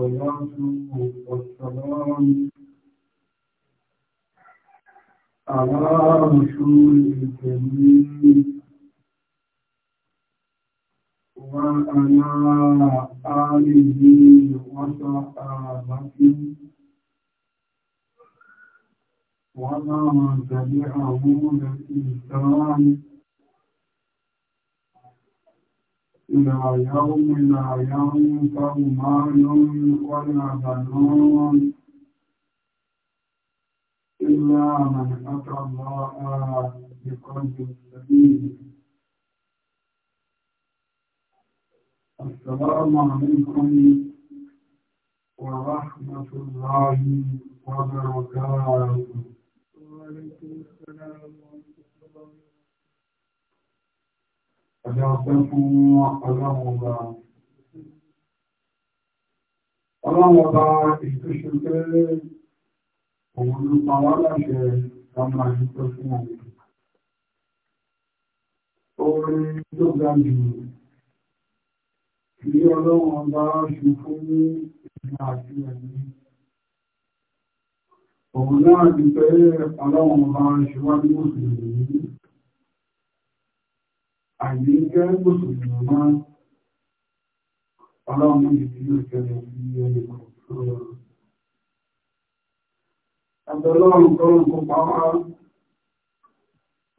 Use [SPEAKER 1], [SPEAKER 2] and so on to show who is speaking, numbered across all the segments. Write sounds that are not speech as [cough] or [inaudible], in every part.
[SPEAKER 1] والصلاة والسلام على رسول الكريم وعلى آله وصحابته ومن تبعه بإحسان لا يوم يوم ينفع مال ولا بنون إلا من أتى الله بقلب سليم السلام عليكم ورحمة الله وبركاته وعليكم السلام ورحمة الله ọjọ́ ọlọ́run ọba ọlọ́run pé òun ló pa wá láṣẹ ọmọ àdúgbò fún ọmọ orin tó ga jù kí ọlọ́run ọba ṣe fún ìgbà àti ẹ̀mí òun náà ti pé ọlọ́run ọba ṣe wá ní mùsùlùmí àyè jẹ́ gbòsòsò máa ọlọ́run ìdí òṣèlú sí ẹni kan fún ọ. Àtọ́lọ́run tọ́run kó pàwá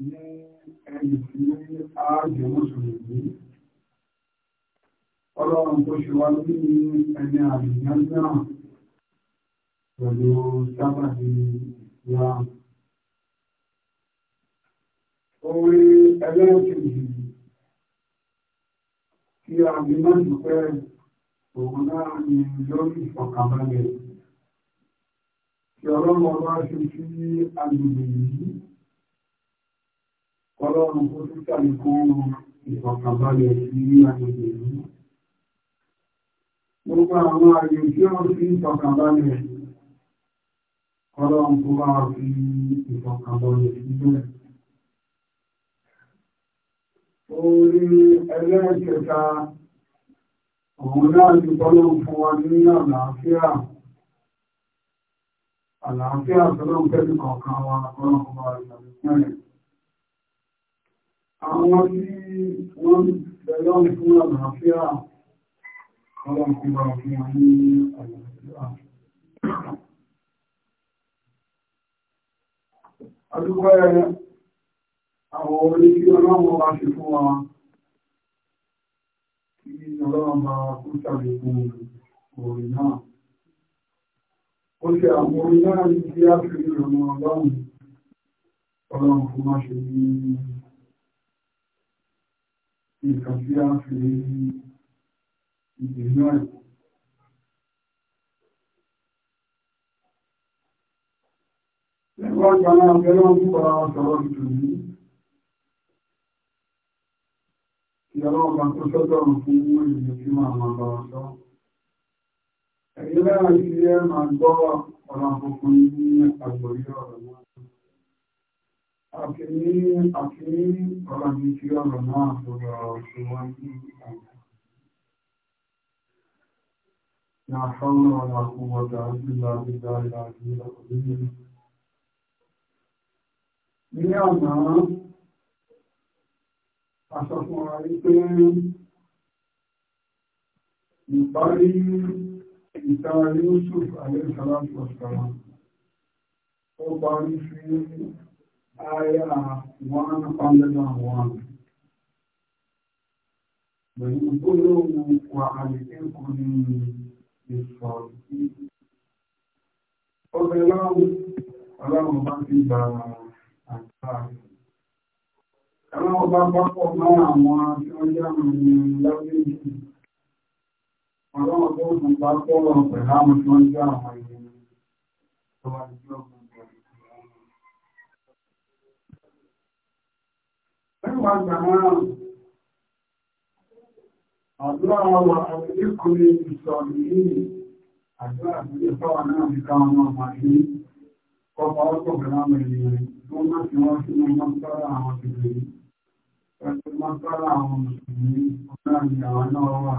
[SPEAKER 1] ní ẹni tí ààjẹ́ mùsùlùmí. Ọlọ́run tó ṣe wá ní ẹni àdìyàn náà pẹ̀lú sábàbí ìyá. Orí ẹlẹ́sìn yìí tí a ní máa dúpẹ́ òun náà ni lórí ìfọ̀kànbalẹ̀ tí ọlọ́run ọba ṣe sí agbègbè yìí ọlọ́run kó tó sàlékún ìfọ̀kànbalẹ̀ sí agbègbè yìí gbogbo àwọn àyè tí ó fi ìfọ̀kànbalẹ̀ ọlọ́run kó bá fi ìfọ̀kànbalẹ̀ sílẹ̀ orí ẹlẹ́ẹ̀kẹta òun náà ti tọ́lọ́ fún wa ní àlàáfíà àlàáfíà tọ́lọ́ pẹ́lú kọ̀ọ̀kan wa ọlọ́kọ̀ọ́ ìgbàlẹ̀ àwọn tí wọ́n bẹ̀rẹ̀ fún àlàáfíà ọlọ́kọ̀ọ́ fún wa ní àlàáfíà adúgbò ẹ̀rẹ́ àwọn orí tí ọlọ́run bá ṣe fún wa kí ọlọ́run bá kú sàlékún orin náà ó ṣe àwọn orin náà ní tí a fi ọlọ́run ọlọ́run fún wa ṣe ní nǹkan ìyọ́lọ́ọ̀bá tó sọ́dọ̀rùn fún ènìyàn tí máa máa bá wọn sọ. Ẹ̀yìn lára sí ẹ máa gbọ́ ọ̀rọ̀ àkọ́kùn ní àgbòrí ọ̀rọ̀ náà. Àti ní àti ní ọ̀rọ̀ mi tí ọ̀rọ̀ náà sọ̀rọ̀ ọ̀ṣọ́ wá sí aṣọ fún wa wípé ìparí ìta Yusuf alẹ́sàlámù ọ̀sán ó parí sí àyà 101 pẹ̀lú gbólóhùn wa àlẹ́kẹ́kọ̀ọ́ ní ìsọ̀rọ̀ ọbẹ̀ láwọn ọlọ́run bá ti gbà àgbà rẹ̀ Àwọn ọba pápọ̀ máa àwọn tí wọ́n jẹ́ àwọn ènìyàn lábẹ́ ìjì. Àwọn ọba ògùn pápọ̀ pẹ̀lú àwọn tí wọ́n jẹ́ àwọn ènìyàn tó wà ní ọgbọ̀n pẹ̀lú. Ẹgbàá gbà náà, àdúrà wà àwọn ìkùnrin ìsọ̀rọ̀ yìí, àdúrà ìfọ́wà náà ní káwọn ọmọ yìí, kọ́ Mọ́sálà àwọn mùsùlùmí ọ̀nà ni àwọn náà wà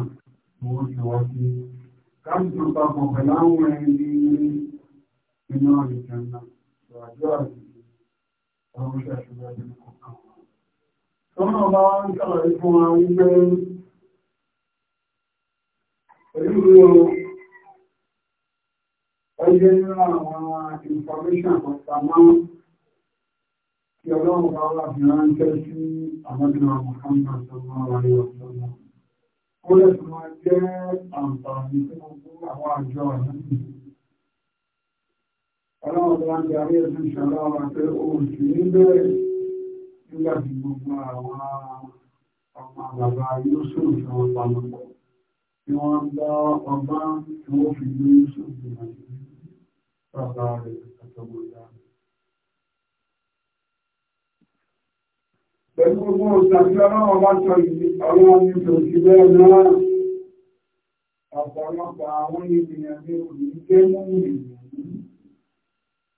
[SPEAKER 1] owó ti wọ́ sí. Káàkiri papọ̀ pẹ̀lú àwọn ẹni inú ọ̀rẹ́kẹ́ náà, ìwàjọ́ àti ọmọ ìṣàṣùgbà ìlú kọ̀ọ̀kan. Tọ́nà bá wá ń ṣàlàyé fún ọjọ́ nínú àwọn information kọ̀ọ̀kan tí ọlọ́run bá wà fi ránṣẹ́ sí àmọ́dúnrà Muhammad sallallahu alaihi wasallam ó lẹ́sùn máa jẹ́ àǹfààní tí wọ́n fún àwọn àjọ àlọ́sì ọlọ́run bá ń darí ẹ̀sùn ìṣẹ̀lẹ̀ wa pé oṣù ní bẹ́ẹ̀ nígbà tí gbogbo àwọn ọmọ bàbá Yusuf fi wọn pamọ́ tí wọ́n ń bá ọba tí wọ́n fi gbé Yusuf gbìyànjú bàbá rẹ̀ àtọ̀gbọ̀dá rẹ̀ pẹ̀lú gbogbo òṣàtí ọlọ́wọ́ bá sọ ìdí ọlọ́wọ́ ní tòṣì bẹ́ẹ̀ náà ọ̀pọ̀lọpọ̀ àwọn ènìyàn ní òní jẹ́ mọ́mù ènìyàn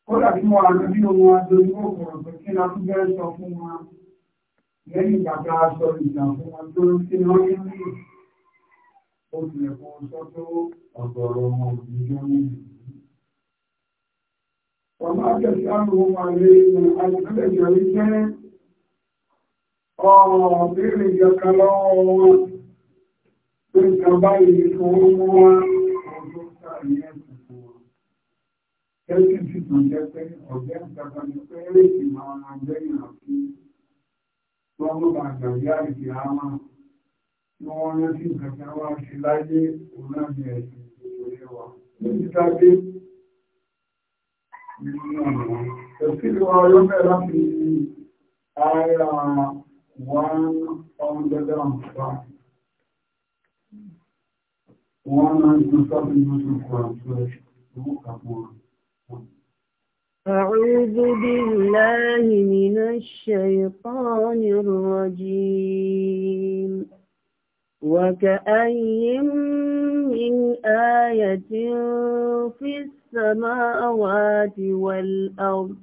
[SPEAKER 1] kódà kí wọ́n àná bí ohun adorí kòkòrò pé kí la tún bẹ́ẹ̀ sọ fún wa lẹ́yìn bàbá sọ ìjà fún wọn tó ń ṣe wọ́n ní ní ó tilẹ̀ kó sọ tó ọ̀gọ̀rọ̀ ọmọ òbí jọ nínú ọmọ àjẹsí àrùn ohun àlejò àti kọ́wọ́ bírí ìjọkan lọ́wọ́ wọn tó ìjọba yìí fún mú wọn ọjọ́ sáré ẹ̀kùnkùn wọn. Kẹ́sì sì tàn jẹ́ pé ọ̀gẹ́ ìjọba ni pé èsì máa ma gbẹ̀yìn àti wọ́n mú bàtà bí àìsí àmà tí wọ́n rántí ìjọba wa ṣe láyé òun náà ní ẹ̀sìn ìṣòro wa. Níbi tábí nínú ọ̀nà ẹ̀sìn ìwà ọlọ́fẹ́ láti ara أعوذ بالله من الشيطان الرجيم وكأي من آية في السماوات والأرض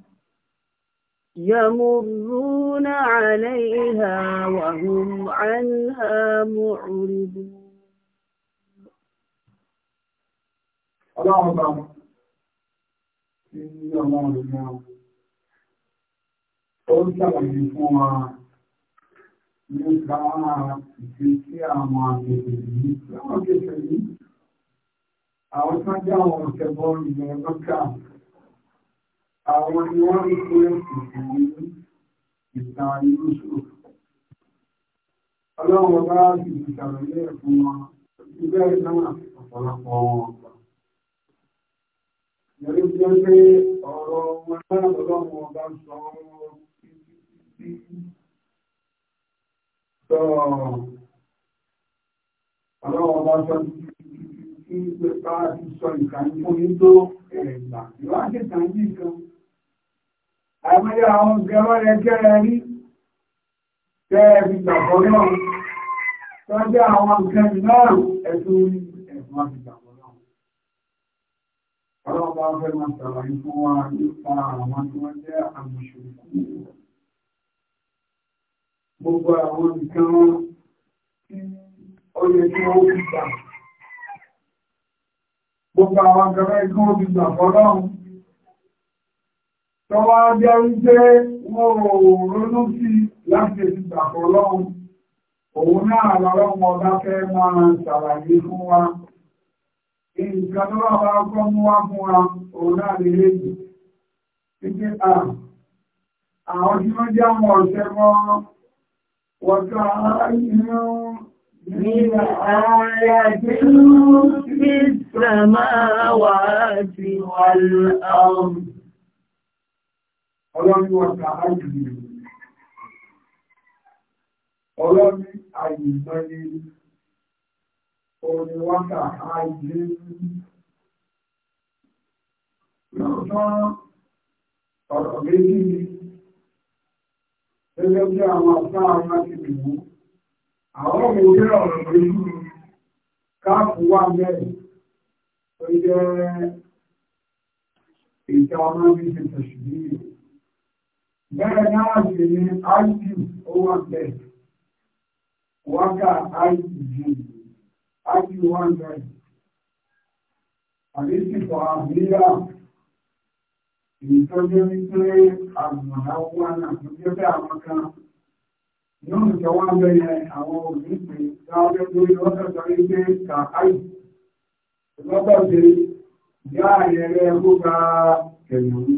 [SPEAKER 1] يمرون عليها وهم عنها معرضون Ó ṣàlàyé fún wa nípa ìgbésí àwọn àgbègbè yìí. Láwọn kẹfẹ́ yìí, àwọn tó ń jẹ́ àwọn ọ̀sẹ̀ bọ́ọ̀lù ìgbẹ̀rẹ̀ lọ́kà àwọn ni wọ́n rí pé ìdí ìtàn inú ṣòro. Ọlọ́run bá ti ìṣàlẹ̀ ẹ̀fún wọn, ìgbẹ́ ìsánà ọ̀pọ̀lọpọ̀ wọn gbà. Yẹ̀rí jẹ́ pé ọ̀rọ̀ wọn náà lọ́wọ́ bá sọ Ọlọ́run bá sọ títí ìgbè bá ti sọ ìkànnì fún mi tó ẹ̀gbà ìwádìí kan yìí kan. àìmọye àwọn gẹ̀rọ yẹ kẹ́rẹ rí tẹ́ ẹ fi gbàgbọ́ náà tọ́jú àwọn nǹkan náà ẹ̀sùn orí ẹ̀fún àti gbàgbọ́ náà. ọlọ́run bá fẹ́ máa ṣàlàyé fún wa nípa àwọn tí wọ́n jẹ́ àmọ̀ṣòkú. gbogbo àwọn nǹkan tí ó yẹ kí wọ́n fi gbà gbogbo àwọn gẹ̀rẹ́ ikọ́ ti gbà fọ́lọ́run tó wá jẹ́ wípé wọ́n ò ronú sí láti èsì gbà fọ́lọ́run òun náà lọ́lọ́mọ ọba fẹ́ máa ṣàlàyé fún wa nǹkan tó bá bá kọ́ mú wá fún wa òun náà lè léjì títí àwọn tí wọ́n jẹ́ àwọn ọ̀sẹ̀ mọ́ wọ́n tó ara من آية في السماوات والأرض Ọlọ́run ọ̀gá àjùmọ̀. Ọlọ́run àjùmọ̀ ni orin wákà ajé. Lọ́tọ́ ọ̀rọ̀ méjì ni, gẹ́gẹ́ bí àwọn àṣà àwọn ti dìbò. àwọn ọmọ ndị ọ̀rọ̀ ìlú káàpù wà mẹ́rin tó jẹ́ ìta ọmọ bí i tẹ̀sù ní ìlú iq ó wà bẹ́ẹ̀ wákà iq iq wà bẹ́ẹ̀ àdéṣìkọ̀ ìtọ́jú wípé àgbọ̀nà wà náà tó jẹ́ bẹ́ẹ̀ yóò jọ wá ń bẹ̀rẹ̀ àwọn òmìnirè láwọn lórí lọ́sọ̀tọ̀ ilé kàkáì lọ́tọ̀ ṣe ìyá ayẹyẹ gbóga ẹ̀yìn orí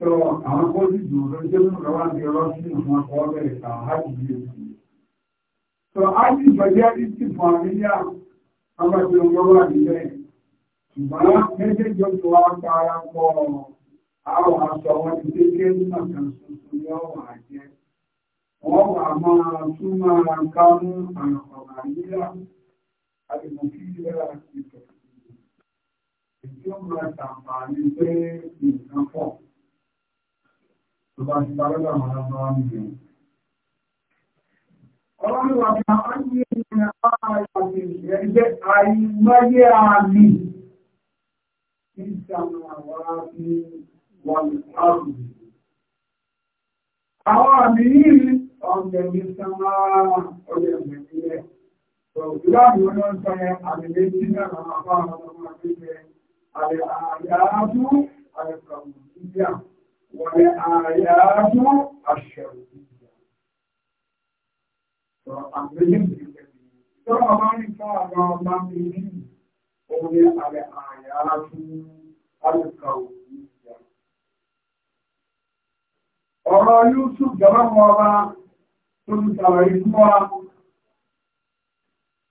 [SPEAKER 1] tó àwọn kó sì dùn ló jẹ́ mú lọ́wọ́ àti ọ̀rọ̀ sí ìfún ọkọ̀ ọ̀bẹ̀rẹ̀ kàkáì ilé òsì tó a sì gbẹ̀jẹ́ ìsì fún àmìyá ọgbà tí ó ṣùgbọ́n méjèèjì ó ti pa ara pọ̀ ọ̀rọ̀ àwọn aṣọ wọn ti kéèké nígbà kan ṣoṣo ní ọ̀wọ̀ àjẹ́ wọ́n wà máa tún máa ká mú àkọ̀rọ̀ àyíká àdìmọ̀kí ìlera ìtọ̀ èyí ó máa ṣàǹfààní pé nǹkan pọ̀ tó bá ti parí lọ́wọ́ lọ́wọ́ nìyẹn. Ọlọ́run àti àwọn ayé ìrìn àwọn àti ìṣẹ́jẹ́ àìmọye àmì ìṣàmì àwọn àti wọ́n àrùn. Àwọn àmì yìí ọ̀gbẹ̀ mi sanra ọjọ́ ẹ̀mẹ̀ ilẹ̀. Ìwádìí wọn ń sọ àmì méjì náà àwọn àpá àwọn ọmọ akéde àlẹ́ àyáájú àlẹ́kọ̀ọ̀mọ̀díyà wọlé àyáájú àṣẹ̀rù. Àmì méjì ìgbẹ̀ mi. Ìjọba máa ń fọ́ àwọn ọmọ mi ní òun ní àlẹ́ àyáájú àlẹ́kọ̀ọ̀mọ̀. ọ̀rọ̀ Yusuf jọba mọ́ ọba tó ti sàwàrí fún wa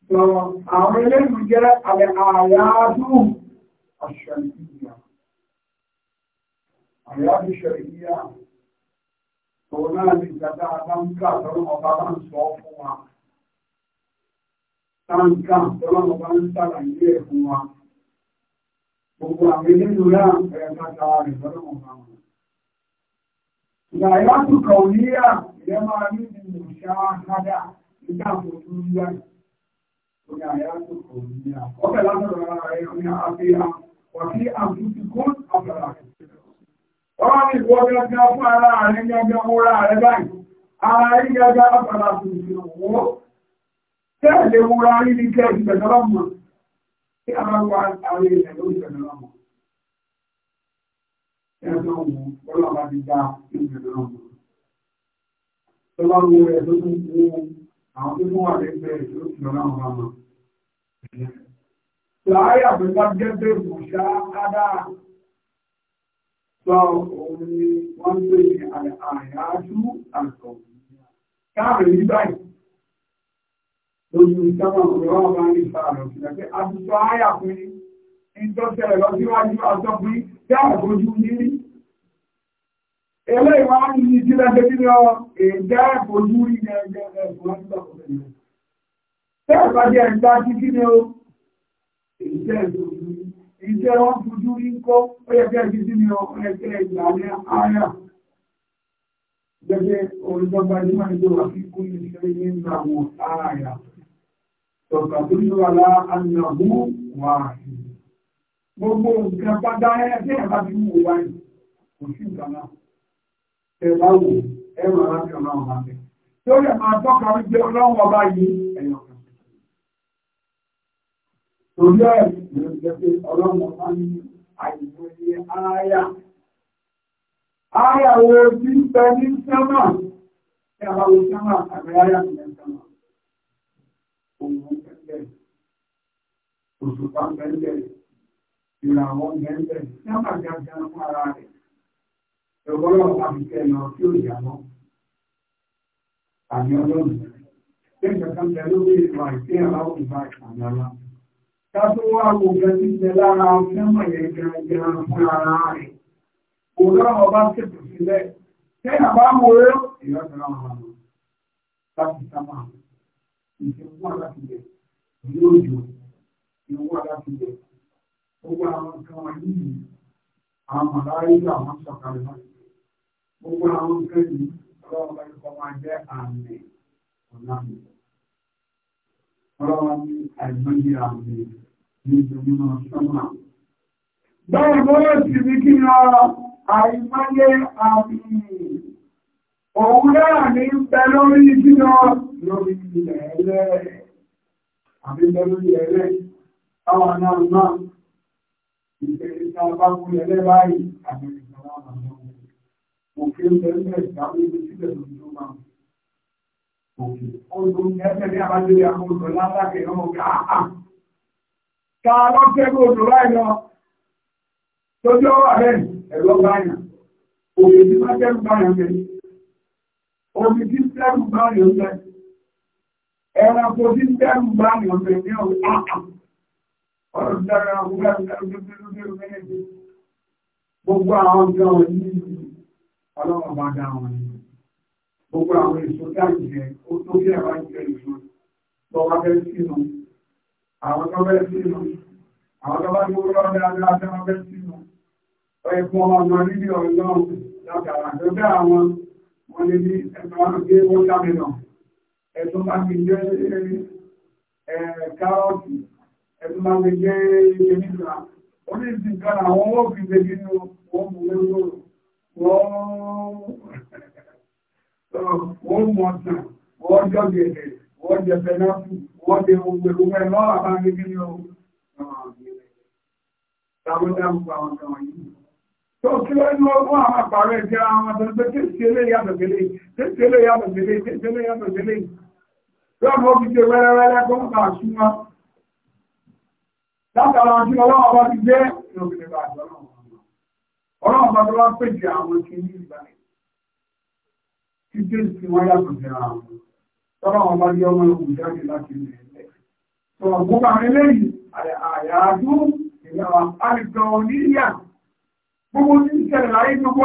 [SPEAKER 1] lọ àwọn eléyìí jẹ́ àlẹ́ àyájú àṣàríyà àyájú ṣàríyà òun náà ní ìjàdá àbáńkà tọ́lọ́ ọba bá ń sọ fún wa táǹkà tọ́lọ́ ọba ń sàlàyé ẹ̀ fún wa gbogbo àwọn eléyìí náà rẹ̀ tọ́lọ́ ọba Ìgbàyàtù kàwíyà ìyẹ́ máa ní ìlú ṣáájá tó tún yá. Ìgbàyàtù ní àfihàn wà sí àtúntì kún àfẹ́rà. Ọwọ́ ní ìwọ gẹ́gẹ́ fún ara rẹ̀ gẹ́gẹ́ múra rẹ̀ báyìí. Ara rí gẹ́gẹ́ ara n'oge mma. ẹ̀rọ òun ọlọ́run bá ti gba ìgbẹ̀rẹ̀ ọ̀hún. Tó bá wú rẹ̀ tó tún kú àwọn tó tún wà lẹ́gbẹ̀ẹ́ tó ti lọ láwọn ọmọ. Sàáyà pé bá jẹ́ pé kò ṣá ádá sọ òun ni wọ́n ń pè ní àyájú àtọ̀. Káàrin ní báyìí. Lójú ìsámọ̀ ọ̀rọ̀ ọba ní ìfàlọ̀ sílẹ̀ pé a ti sọ áyà fún yín ìjọsẹ̀ lọ síwájú àjọpín tí a gbójú nírí. Ilé ìwá ní ìjílẹ̀ gẹ́gẹ́ lọ èdè ìfojú rí ní ẹgbẹ́ ẹ̀fọ́ ìjọsẹ̀. Tẹ́ ẹ̀fà jẹ́ ìgbà tí kí ni ó? Ìjẹ́ ìfojú rí. Ìjẹ́ wọ́n fojú rí ń kọ́, ó yẹ kẹ́ ìjíjí ni ó ẹgbẹ́ ìgbà ní àárà. Gẹ́gẹ́ olùdọ́gba ìjímọ̀ ìjọ wà fi kún ní ìṣẹ́lẹ̀ ní ìgbà àwọn àárà. Tọ̀kà tó ní wà láà gbogbo nǹkan pátá ẹ tí ẹ bá fi mú wa yìí kò sí nǹkan náà ẹ bá wò ẹ rọ láti ọ̀nà ọ̀nà bẹ̀. tó lè máa tọ́ka wípé ọlọ́run ọba yìí ẹ̀yọ̀ kan. torí ẹ̀ ló ń jẹ́ pé ọlọ́run ọba ní àìmọ̀ ní ááyà. ááyà wo ti ń bẹ ní sẹ́mà ẹ bá wo sẹ́mà àbẹ̀ ááyà ní sẹ́mà. òun ń bẹ́ẹ̀ òṣùpá ń bẹ́ẹ̀ ìràwọ̀ gẹ́gẹ́ sábà gàgà fún ara rẹ̀ ẹ̀wọ́rọ̀ àbíkẹ́ lọ tí ó yà lọ àmì ọlọ́run tí nǹkan tẹ lórí ìwà ìpín aláwọ̀ ìgbà ìpàdé ara ká tó wá gbogbo jíjẹ lára fẹ́mọ̀ yẹn gẹ́gẹ́ fún ara rẹ̀ òwúrọ̀ ọba ṣètò sílẹ̀ ṣé àbá mú o gbogbo àwọn nǹkan wọ̀nyí àwọn màláyíkà wọn sọ̀kalẹ̀ wọn gbogbo àwọn nǹkan yìí ọlọ́run bá kọ́ máa jẹ́ àmì ọ̀nà mi ọlọ́run ní àìmọye àmì ní ìdùnnú sọ́mà. bẹ́ẹ̀ bó yóò sì ní kí ọ àìmọye àmì òun náà ní bẹ lórí kí ọ lórí ilẹ̀ ẹlẹ́ àbí lórí ẹlẹ́ àwọn náà náà ìgbésíta bá kú ẹlẹ́ báyìí àti ìjọba àmàlà wọn. Òkè ẹgbẹ́ ìdáwó ibi sílẹ̀ lórí ló máa ń. Òkè odò ẹgbẹ́ ní abájọ́lé àkóso lálákè ọmọ káà. Ká lọ sẹ́gun odò báyìí lọ. Tójú ọwọ́ rẹ̀ ẹ̀rọ báyà. Òkè tí wọ́n sẹ́gun báyà mẹ́. Omi tí sẹ́gun báyà mẹ́. Ẹranko tí sẹ́gun báyà mẹ́ ní ọ̀rọ̀ ah, ah. Gbogbo àwọn ọjọ́ ní ọlọ́wọ́ bá dá wọn ni. Gbogbo àwọn èso dáàjì rẹ̀ ó tó bí ẹ̀wà ìjẹ ìṣò lọ́wọ́ bẹ́ sínú. Àwọn tó bẹ́ sínú. Àwọn tó bá gbogbo lọ́dẹ́ adájọ́ bẹ́ sínú. Ẹkùn ọmọ nílé ọlọ́run látara àjọ́gbẹ́ àwọn wọn lè ní ẹ̀sán gbé wọ́n dámẹ́nà. Ẹ̀sùn bá mi jẹ́ kárọ̀tì ẹ̀dùn máa lè jẹ́ ẹgbẹ́ nígbà oníṣìí kan àwọn wọ́n fi lè nínú wọ́n mú lóòrò wọ́n mú ọ̀sán wọ́n jọ gẹ̀ẹ́gẹ̀ wọ́n jẹ pẹ̀lú wọ́n jẹ gbogbo ẹgbẹ́ lọ́wọ́ bá ní kí ni ó Tó kí ló ní ọgbọ́n àwọn àpàrẹ ìjẹ́ àwọn ọmọdé pé kí sí ilé yàtọ̀ gẹ́lẹ́ kí sí ilé yàtọ̀ gẹ́lẹ́ kí sí ilé yàtọ̀ gẹ́lẹ́. Lọ́nà ó fi ṣe wẹ́rẹ́wẹ́rẹ́ kó ń kà súnmọ́ Látara tí ọlọ́wọ́ bá ti gbé ìròbìnrin bá jọ náà. Ọlọ́wọ́ bá tó bá pèjì àwọn kí ní ìgbàlẹ̀. Títí tí wọ́n yàtọ̀ sí ara wọn. Tọ́lọ́wọ́ bá jẹ́ ọmọ ogun jáde láti ilẹ̀ ẹ̀lẹ́. Sọ̀rọ̀ gbogbo àwọn eléyìí, àyàájú, ìyàwó àìgbà oníyà. Gbogbo tí ń ṣẹlẹ̀ láyé gbogbo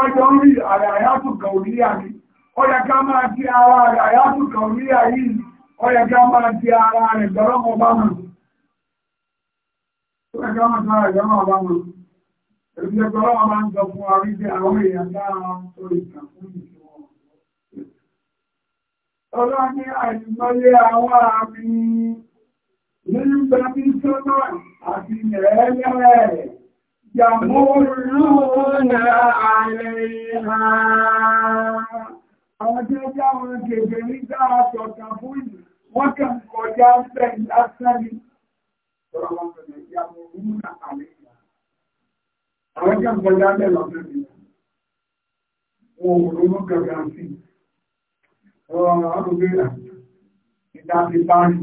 [SPEAKER 1] ọjọ́ ń ẹjọ́ wọn sára ìjọ náà bá wọn èyí ẹgbẹ́ ọlọ́wọ́ máa ń sọ fún wa wípé àwọn èèyàn dára tó lè kà fún ìṣẹ́ wọn ọlọ́wọ́ ní àìmọye àwọn àmì nínú gbẹ̀mí sọ́nà àti ẹ̀ẹ́lẹ́rẹ̀ yàmúrúnà àìlẹ́yìnà àwọn tí ó jáwọn kèfèrí dára sọ̀tà fún ìwọ́kàn kọjá ń bẹ̀ lásán ni Tọ́lá wọn bẹ̀rẹ̀ ìyá mú múnà àlẹ́ ìyá. Àwọn jẹ́ ìgbọ̀lá bẹ̀ lọ́dún mi. Wọn ò ronú gẹ̀gẹ̀ sí. Ọ̀rọ̀ àdúgbò rà. Ìdá ti bá ní.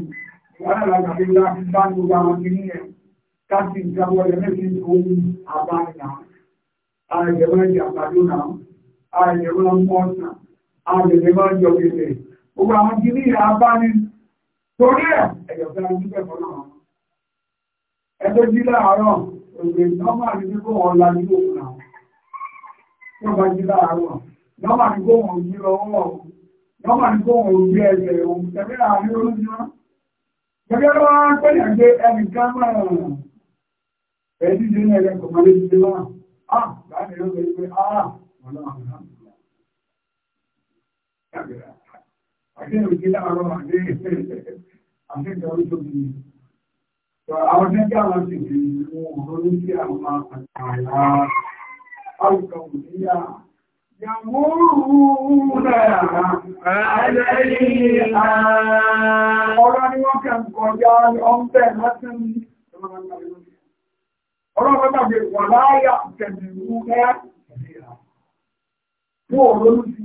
[SPEAKER 1] Wọ́n náà lọ́gbà bí ìdá ti bá ní gbogbo àwọn kìíní yẹn. Káàkiri ìjábọ̀ rẹ̀ mẹ́sì ohun àbáyà. Àìjẹ̀wọ́ ẹ̀jẹ̀ àgbàdo náà. Àìjẹ̀wọ́ ọmọ ọ̀sán. Àìjẹ̀wọ́ ọjọ́ kẹfẹ́. Gbogbo àwọn kìíní yẹn abá ní. Torí ẹ̀ ẹ̀yọ̀ fẹ́ràn nígbẹ̀ fọ́nà. ẹgbẹ́ jí láàárọ̀ òṣèrè nọ́mà ní bí kò wọ́n lajú òun àwọn tí wọ́n bá jí láàárọ̀ nọ́mà ní kò wọ́n jí lọ́wọ́ nọ́mà ní kò wọ́n jí òun àwọn gẹ́gẹ́ àwọn ti rí ohun olórí sí àwọn àtàrà àwùkà òníyà yàmúrúúrà àlẹ́yìn ọ̀rọ̀ ni wọ́n kẹ́ kọjá ọmọdé láti ní ọ̀rọ̀ pẹ́tàgbé wà láyà tẹ̀lú ẹ́ fún olórí sí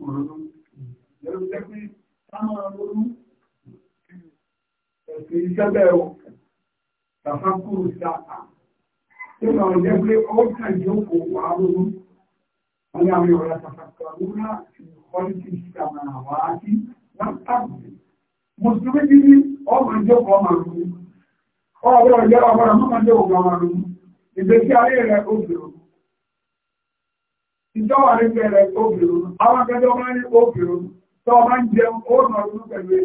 [SPEAKER 1] ọ̀rọ̀ lórí sí ẹ̀rọ ẹ̀sìn iṣẹ́ bẹ́ẹ̀ o tàfà kúrò sáà tí ó máa jẹ́ pé ó kàn yóò kó wà lóru wọn ni àwọn ìrọ̀lá tàfà kọ̀ọ̀lú náà ti kọ́lí ti sàmà wá sí wọn tàbí mùsùlùmí ti ní ọmọ ìjókòó ọmọ àrùn ọ̀rọ̀ ìjẹ́ ọmọ rẹ̀ mọ́mọ́ ìjókòó ọmọ àrùn ìgbésí ayé rẹ̀ ó bèrò ìjọba rẹ̀ bẹ̀rẹ̀ ó bèrò máa ń jẹun ó nà ọdún pẹ̀lú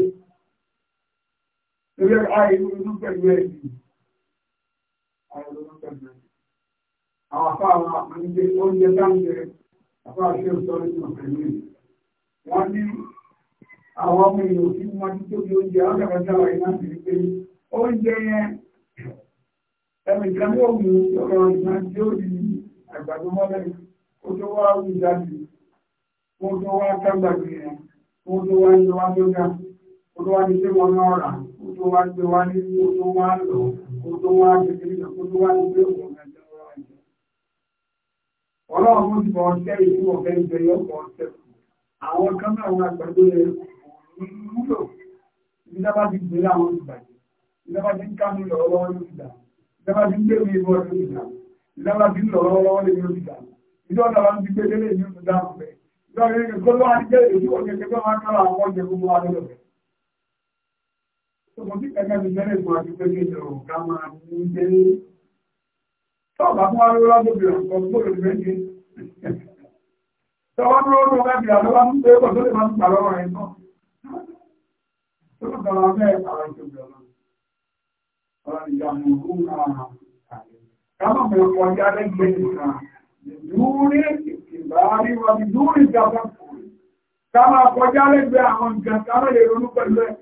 [SPEAKER 1] Torí àìrú inú pẹ̀lú ẹ̀yìn. Àìrú inú pẹ̀lú ẹ̀yìn. Àwọn afá àwọn àmàlẹ́ oúnjẹ dáńjẹ, afá ṣe ń sọ nínú pẹ̀lú ẹ̀yìn. Wọ́n ní àwọn ọmọ èèyàn tí wọ́n ti tóbi oúnjẹ alágbàdára iná ti rí pé oúnjẹ yẹn ẹnìkan ní òun ọ̀rọ̀ ìgbà tí ó di àgbàdo mọ́lẹ̀ kó tó wá wí jáde kó tó wá kágbàgbé yẹn kó tó wá ń lọ wá tó ga kó tó wá ní tó wá gbé wá ní kó tó wá lọ kó tó wá kékeré náà kó tó wá ní pé òun ẹjọ́ wá jẹ. ọlọ́run mú ti bọ̀ ọ̀tẹ́ ìlú ọ̀fẹ́ ìjẹ yọ bọ̀ ọ̀tẹ́ kù àwọn kan náà wọn àgbàdo rẹ̀ wúlò ìdábà ti gbé láwọn ìgbà ìdábà ti ń kánú lọ́wọ́lọ́wọ́ ní ìgbà ìdábà ti ń gbé mi bọ́ ní ìgbà ìdábà ti ń lọ́wọ́lọ́wọ́ ní ìgbà ìdọ́ta ti gbé délé ìyóò tó Tọ́ọ̀bá fún wa lọ́wọ́ lọ́gbọ̀bìnrin kan gbọ́dọ̀ ní méjì. Tọ́wọ́ ní ọdún ọgá bìí àlọ́wọ́ ń pé ọkọ̀ tó lè máa ń pàlọ́ ọ̀rọ̀ ẹ̀ náà. Tọ́lọ̀ kan wá bẹ́ẹ̀ àwọn ìjọba ọ̀rọ̀. Ọ̀rọ̀ ìyàmù òun àwọn àyè. Kámọ̀ mẹ́rin kọjá lẹ́gbẹ̀ẹ́ ìkan. Lúrí ìbárí wa ni lúrí ìjọba. Ká máa kọjá lẹ́gbẹ̀ẹ́ àwọn ìjọba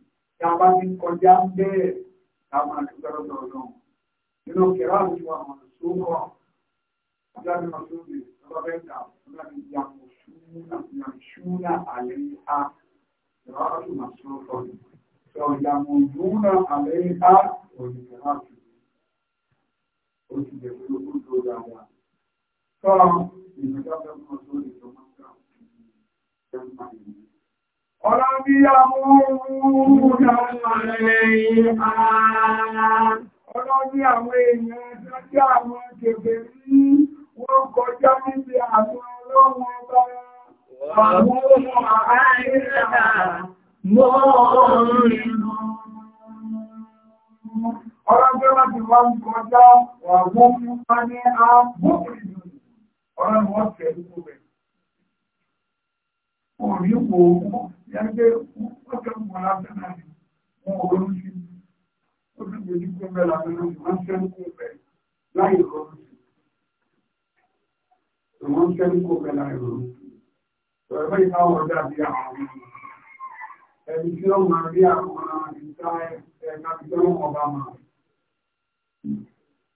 [SPEAKER 1] tí a bá ti kọjá bẹ́ẹ̀ tá a máa dúpẹ́ lọ́dọ̀ ọlọ́run nínú kẹrọ àwọn ìwà ọ̀nà tó kọ̀ ọjọ́ àti mọ̀sóòdì ọba bẹ́ẹ̀ta ọba ti di àpò ṣúná ṣúná àlẹ́ a kẹrọ àwọn ìwà sọ̀rọ̀ sọ ìyàmọ̀ ìdúnà àlẹ́ a òyìn kẹrọ àti ó ti jẹ́ pé ó tó dáadáa. Sọ ìgbàgbọ́ mọ̀sóòdì tó máa ń gbà Ọlá bí a mú Ọlá bí àwọn èèyàn tó jẹ́ àwọn kèfè rí wọ́n kọjá níbi àwọn ọlọ́run ọba. Àwọn wá ń kọjá wà wọ́n mú pa ní àbúrò ìlú. Ọlá tẹ̀lú gbogbo wọn ò ní wo yẹn pé wọ́n tẹ́ mọ̀ lásán náà ni wọn ò ronú sí ó sì gbèjú pé bẹ́ẹ̀ lásán náà wọ́n tẹ́ ń kó bẹ́ẹ̀ láì ronú sí wọ́n tẹ́ ń kó bẹ́ẹ̀ láì ronú sí ọ̀rọ̀ bẹ́ẹ̀ táwọn ọ̀dọ́ àbí àwọn ẹni tí ó máa rí àwọn ìta ẹ̀ka tí ó ń ọba máa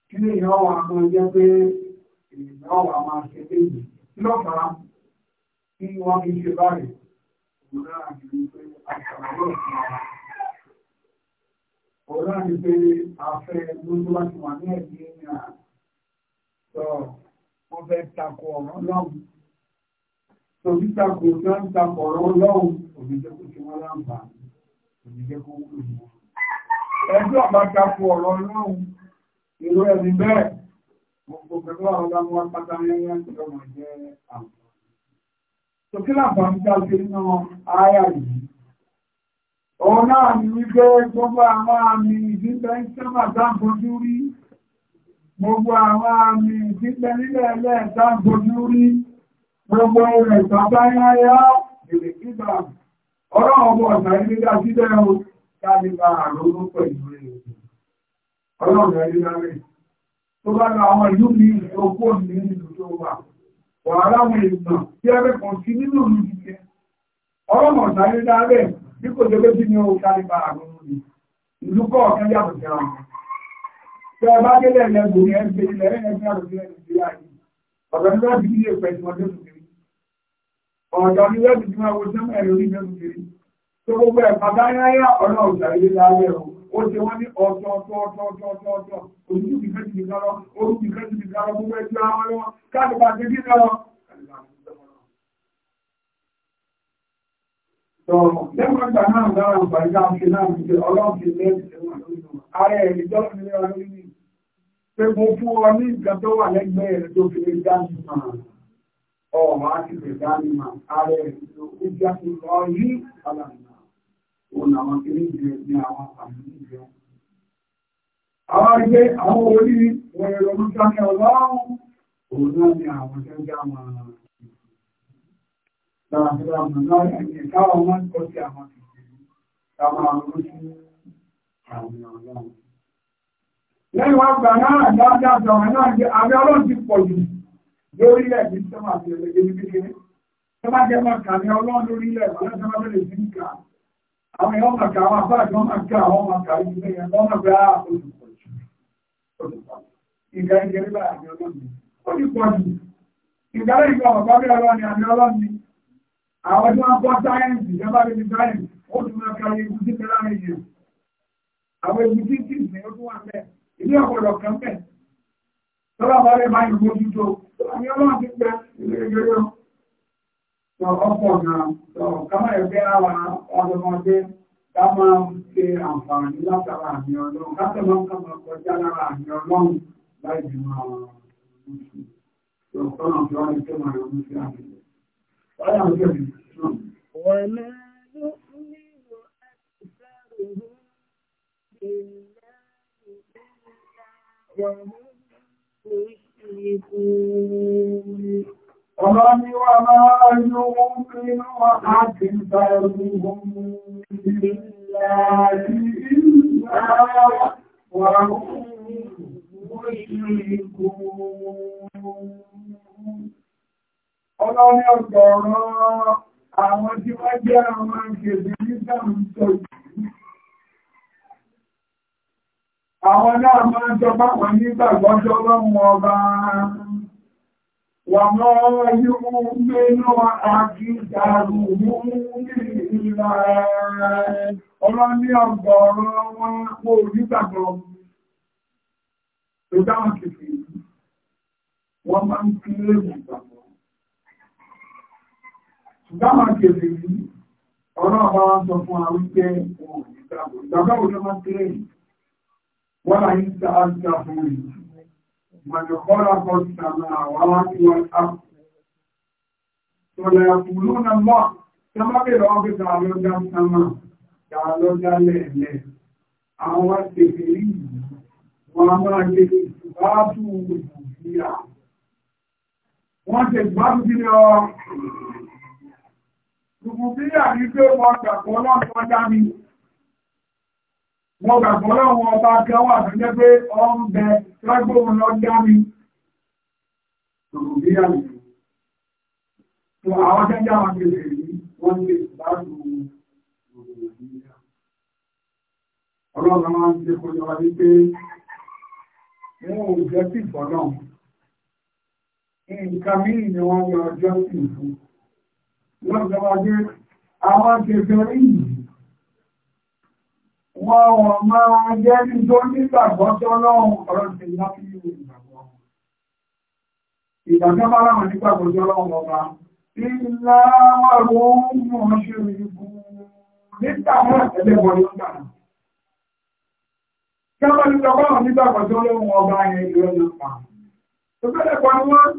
[SPEAKER 1] kí ni ìyá wa kí wọ́n fi ṣe báyìí òun náà ní pé àṣàlọ́ fún ara òun náà ní pé afẹ́ lójú láti wà ní ẹ̀dí ní àná sọ wọ́n fẹ́ takò ọ̀rọ̀ lọ́hùn tòbí takò tí wọ́n ń takò ọ̀rọ̀ lọ́hùn òbí jẹ́ kó ṣe wọ́n láǹfààní òbí jẹ́ kó wúlò wọn. ẹjọ́ àbá takò ọ̀rọ̀ lọ́hùn So kí láǹfààní ká ṣe nínú ara yìí? Òun náà ni wípé gbogbo àwọn àmì ìdíbẹ̀ ń sẹ́mà dáǹfojú rí. Gbogbo àwọn àmì ìdíbẹ̀ nílẹ̀ ẹlẹ́ dáǹfojú rí. Gbogbo rẹ̀ bàbá yáyá èrè kígbà. Ọ̀rọ̀ ọ̀bọ̀ ọ̀sà ilé dá sílẹ̀ o, ká lè bá àrùn pẹ̀lú rẹ̀. Ọlọ́run ẹ̀rí lárẹ̀. Tó bá lọ àwọn ìlú mi, okó mi nínú wàhálà àwọn èèyàn tí ẹgbẹ́ kan sí nínú ìlú jíjẹ ọlọ́mọ sáré dáadẹ́ bí kò tó lójú ní oṣù àlebà àwọn olè ìlú kọ̀ọ̀kan yàtọ̀ sí ara wọn tẹ ẹ bá délé ẹlẹgbò ní ẹgbẹ ilẹ̀ ẹgbẹ ẹgbẹ àti ilẹ̀ nàìjíríà yìí ọ̀dọ̀ ní wẹ́ẹ̀bì ní èpè tí wọ́n dé tù kiri ọ̀dọ̀ ní wẹ́ẹ̀bì tí wọ́n wo sẹ́mọ̀ ẹ̀rọ ní ìjọba kiri tó gbogbo ẹ̀ pàtàkì ayá ọlọ́run sáré dáadẹ́ o ó ṣe wọ́n ní ọ̀tọ̀ ọ̀tọ̀ ọ̀tọ̀ ọ̀tọ̀ ọ̀tọ̀ ọ̀tọ̀ ojú ti fẹ́ ti lọ orúkú ìfẹ́ ti lọ gbogbo òun àwọn kiri jẹ ní àwọn àmì ìjẹ. Àwọn ẹgbẹ́ àwọn orí wọ̀nyẹ̀ lọ́nà jáde ọlọ́run òun náà ni àwọn tó jẹ́ àwọn Dáadáa mọ̀ náà ẹ̀yẹ káwọn máa ń kọ́ sí àwọn kìkìrì táwọn arúgbó sí àwọn ọlọ́run. Lẹ́yìn wá gbà náà dáadáa sọ̀rọ̀ náà jẹ́ abẹ́ ọlọ́run ti pọ̀ jù lórí ẹ̀bí sọ́mà àti ẹ̀lẹ́gbẹ́ ní kékeré. Sọ́mà jẹ́ máa kà ní ọlọ́run lórí ilẹ̀ ìwọ̀n náà sọ́mà bẹ̀rẹ̀ sí ní kà á àwọn èèyàn máa ka àwọn àbá àjọ máa ka àwọn máa ka ibi pé ẹ̀kọ́ náà bá olùpọ̀ jù olùpọ̀ jù ìgbà ìgbẹ́rẹ́ bá àmì ọlọ́ni olùpọ̀ jù ìgbà ìgbà ọ̀pá bí ọlọ́ni ó tún máa ka ewu sí pẹ́lá èèyàn àwọn ewu tí tí ìsìn ó tún wà mẹ́ ilé ọ̀pọ̀lọ̀ kan mẹ́ tọ́lá bá rẹ̀ máa yìnbó sọ ọ̀pọ̀ náà sọ kámá ẹgbẹ́ ara ọdọmọdé ká máa ṣe àǹfààní látara àmì ọlọ́run ká tẹ̀lé ká máa kọjá lára àmì ọlọ́run láì jùmọ̀ àwọn ọmọdé sọ kọ́nà tí wọ́n lè tẹ́ máa yọ̀ọ́ sí àmì rẹ̀. Báyọ̀ ń tẹ̀lé náà. Wọ́n máa ló ń nílò àtìsáàrò ìlà ìlà wọ́n mú ìṣègùn. Ọlọ́ni wà máa yọ ohun nínú àti ìbẹ̀rùn ìlàrí ìlàrí wà Ọlọ́ni ọ̀gọ̀rọ̀ àwọn tí wọ́n jẹ́ àwọn ìgbèbè nígbà ń tọ́ Àwọn náà máa jọ bá wọn nígbàgbọ́jọ́ lọ́wọ́ ọba ààrùn. وما يؤمن أكثرهم إلا ọ̀rọ̀ ní ọgbọ̀rọ̀ wọn kó nígbàgbọ́ tó dáwọn kìfì wọ́n máa ń fi lè nígbàgbọ́ dáwọn kìfì ọ̀rọ̀ ọba wọn sọ fún àwọn jẹ́ òun nígbàgbọ́ ìgbàgbọ́ من خلق السماوات والأرض ويقولون الله كما بلغة تعالوا جا السماء تعالوا جا لأهله àwọn tèfèrí wọn a máa ṣe ìgbàtù ìgbìyà wọ́n ṣe ìgbàtù bí lọ ṣùgbùn bí yà ní pé wọ́n gbàgbọ́ lọ́pọ̀ dá mi Wọ́n gbàgbọ́ láwọn ọba kẹwà tó jẹ́ pé ọ ń bẹ lágbóhun lọ dá mi. Tòròbí àmì. Tó àwọn jẹ́jẹ́ àwọn kèfè yìí, wọ́n lè bá lòun lòròbíyà. Ọlọ́run máa ń ṣe kó yọ wípé wọn ò jẹ́ sí ìfọ̀ náà. Nǹkan ọjọ́ sí ìfún. Lọ́gbọ́n wájú, àwọn Wọ́n wọ̀n máa jẹ́ ní tó nígbàgbọ́ tó lọ́run ọ̀rọ̀ ti láti ní ìgbàgbọ́. Ìgbàgbọ́ máa láwọn nígbàgbọ́ tó lọ́run ọba. Ìlà àrùn mọ̀ ṣe ìgbù nígbà náà ẹlẹ́wọ̀n ló gbà. Kẹ́mọ́ nígbàgbọ́ nígbàgbọ́ tó lọ́run ọba yẹn ìrọ̀ nípa. Ìgbẹ́lẹ̀kọ́ ni wọ́n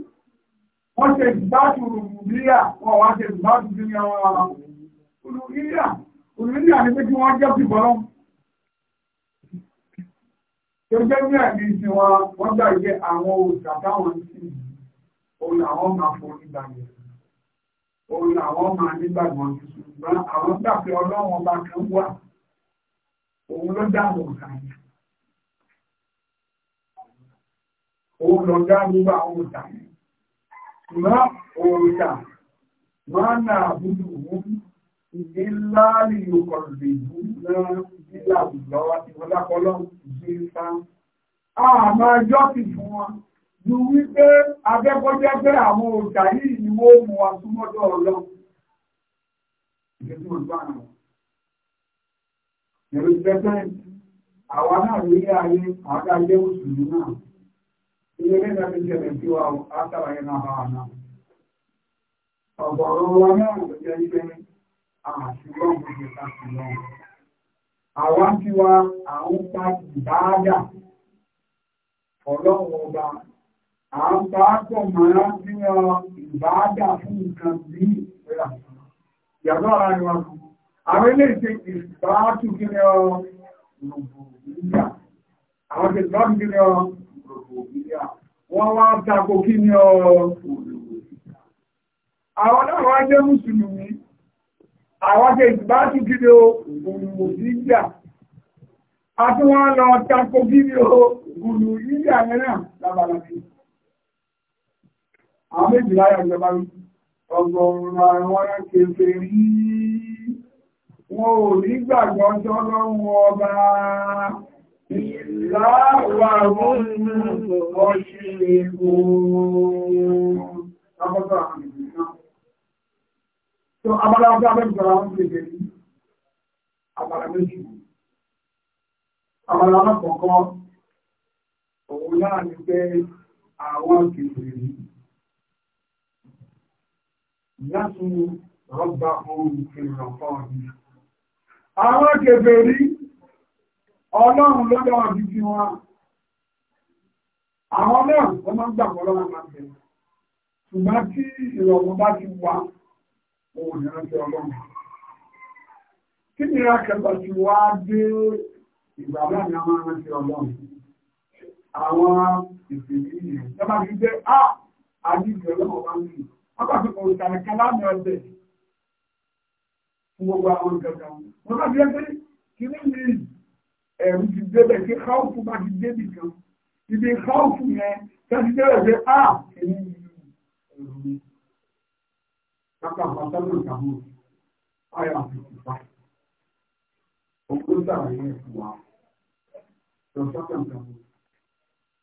[SPEAKER 1] wọ́n ṣe ìgbádùn olùmúlíà wọ́n wá ṣe ìgbádùn sí ní àwọn olùmúlíà gẹ́gẹ́ bí ẹ̀mí ti wọn wọ́n gbà yẹ àwọn òòṣà táwọn sí òun làwọn máa forí balẹ̀ òun làwọn máa nígbàgbọ́ ṣùgbọ́n àwọn gbà pé ọlọ́wọ́n bá kan wà òun ló dá àwọn òòṣà yẹn òun lọ dá gbogbo àwọn òòṣà yẹn ṣùgbọ́n òòṣà máa ń nà àbúrò ìdílá lílo kọ̀lùbẹ̀dù náà nílà lọ́wọ́ ìwọ́lápọ́lọ́ ìgbéta. a máa jọ́ sí fún wọn ju wípé abẹ́kọ́jẹ́ pé àwọn òjà yìí ni wọ́n mú wa súnmọ́dọ̀ ọlọ́run. ìgbésùn ìgbà náà. èrò ìgbẹ́sẹ̀ àwa náà lórí ayé àga ilé òṣèlú náà. ilé mẹ́ta wa àtàrà yẹn náà àṣìlọ́wọ́ ní ìtàṣìlọ́wọ́. Àwa tí wa àwọn pa ìbáàdà ọlọ́run ọba, à ń pa pọ̀ mọ́ra sí ìbáàdà fún nǹkan bí ìpẹ́lá. Ìyàtọ̀ ara ni wọn fún. Àwọn ilé ìṣe ìbáàtù kí ni ọ rògbò níyà. Àwọn ìṣe ìbáàtù kí ni ọ rògbò níyà. Wọ́n wá tako kí ni ọ Mùsùlùmí àwọn jẹ́ ìgbà tún kíri o gùrù yíyà a tún wọ́n lọ tako kíri o gùrù yíyà mẹ́rà lábàlábí àwọn méjì láyà ìjọba ọgọ́rùn-ún àwọn kèfè rí wọn ò ní gbàgbọ́ tọ́lọ́run ọba ìlàwà wọn ní ọṣẹ́ ìgbòrò tó abala ọjọ́ abẹ́gbẹ̀rẹ̀ àwọn ìgbègbè ní abala méjì abala alákọ̀ọ́kọ́ òun náà ni pé àwọn kìtìrì láti rọ́gbà ohun ìrìnàkọ́ ọdún àwọn kẹfẹ́ rí ọlọ́run lọ́dọ̀ ọdún tí wọ́n àwọn náà wọ́n máa ń gbàgbọ́ lọ́wọ́ máa bẹ̀rẹ̀ ṣùgbọ́n tí ìrọ̀rùn bá ti wà òun ní rántí ọlọ́run kí ni ra kẹta ti wá dé ìgbà náà ni a máa rántí ọlọ́run àwọn ìpínlẹ̀ yìí ẹ máa fi jẹ́ a a ọlọ́run bá ń bì wọ́n bá fi ah! kọ̀ọ̀rọ̀ ìtàlẹ̀ kan láàmì ọ̀dẹ̀ fún gbogbo àwọn kankan wọ́n bá fi ẹgbẹ́ kí ní ní ẹ̀rù ti débẹ̀ kí káwùfù bá ti débì kan ibi káwùfù yẹn tẹ́sí débẹ̀ pé a ah! kápá àbátámù ìkàmú àyà àfẹ́kùpá ogún sára yẹn fún wa lọ sápá ìkàmú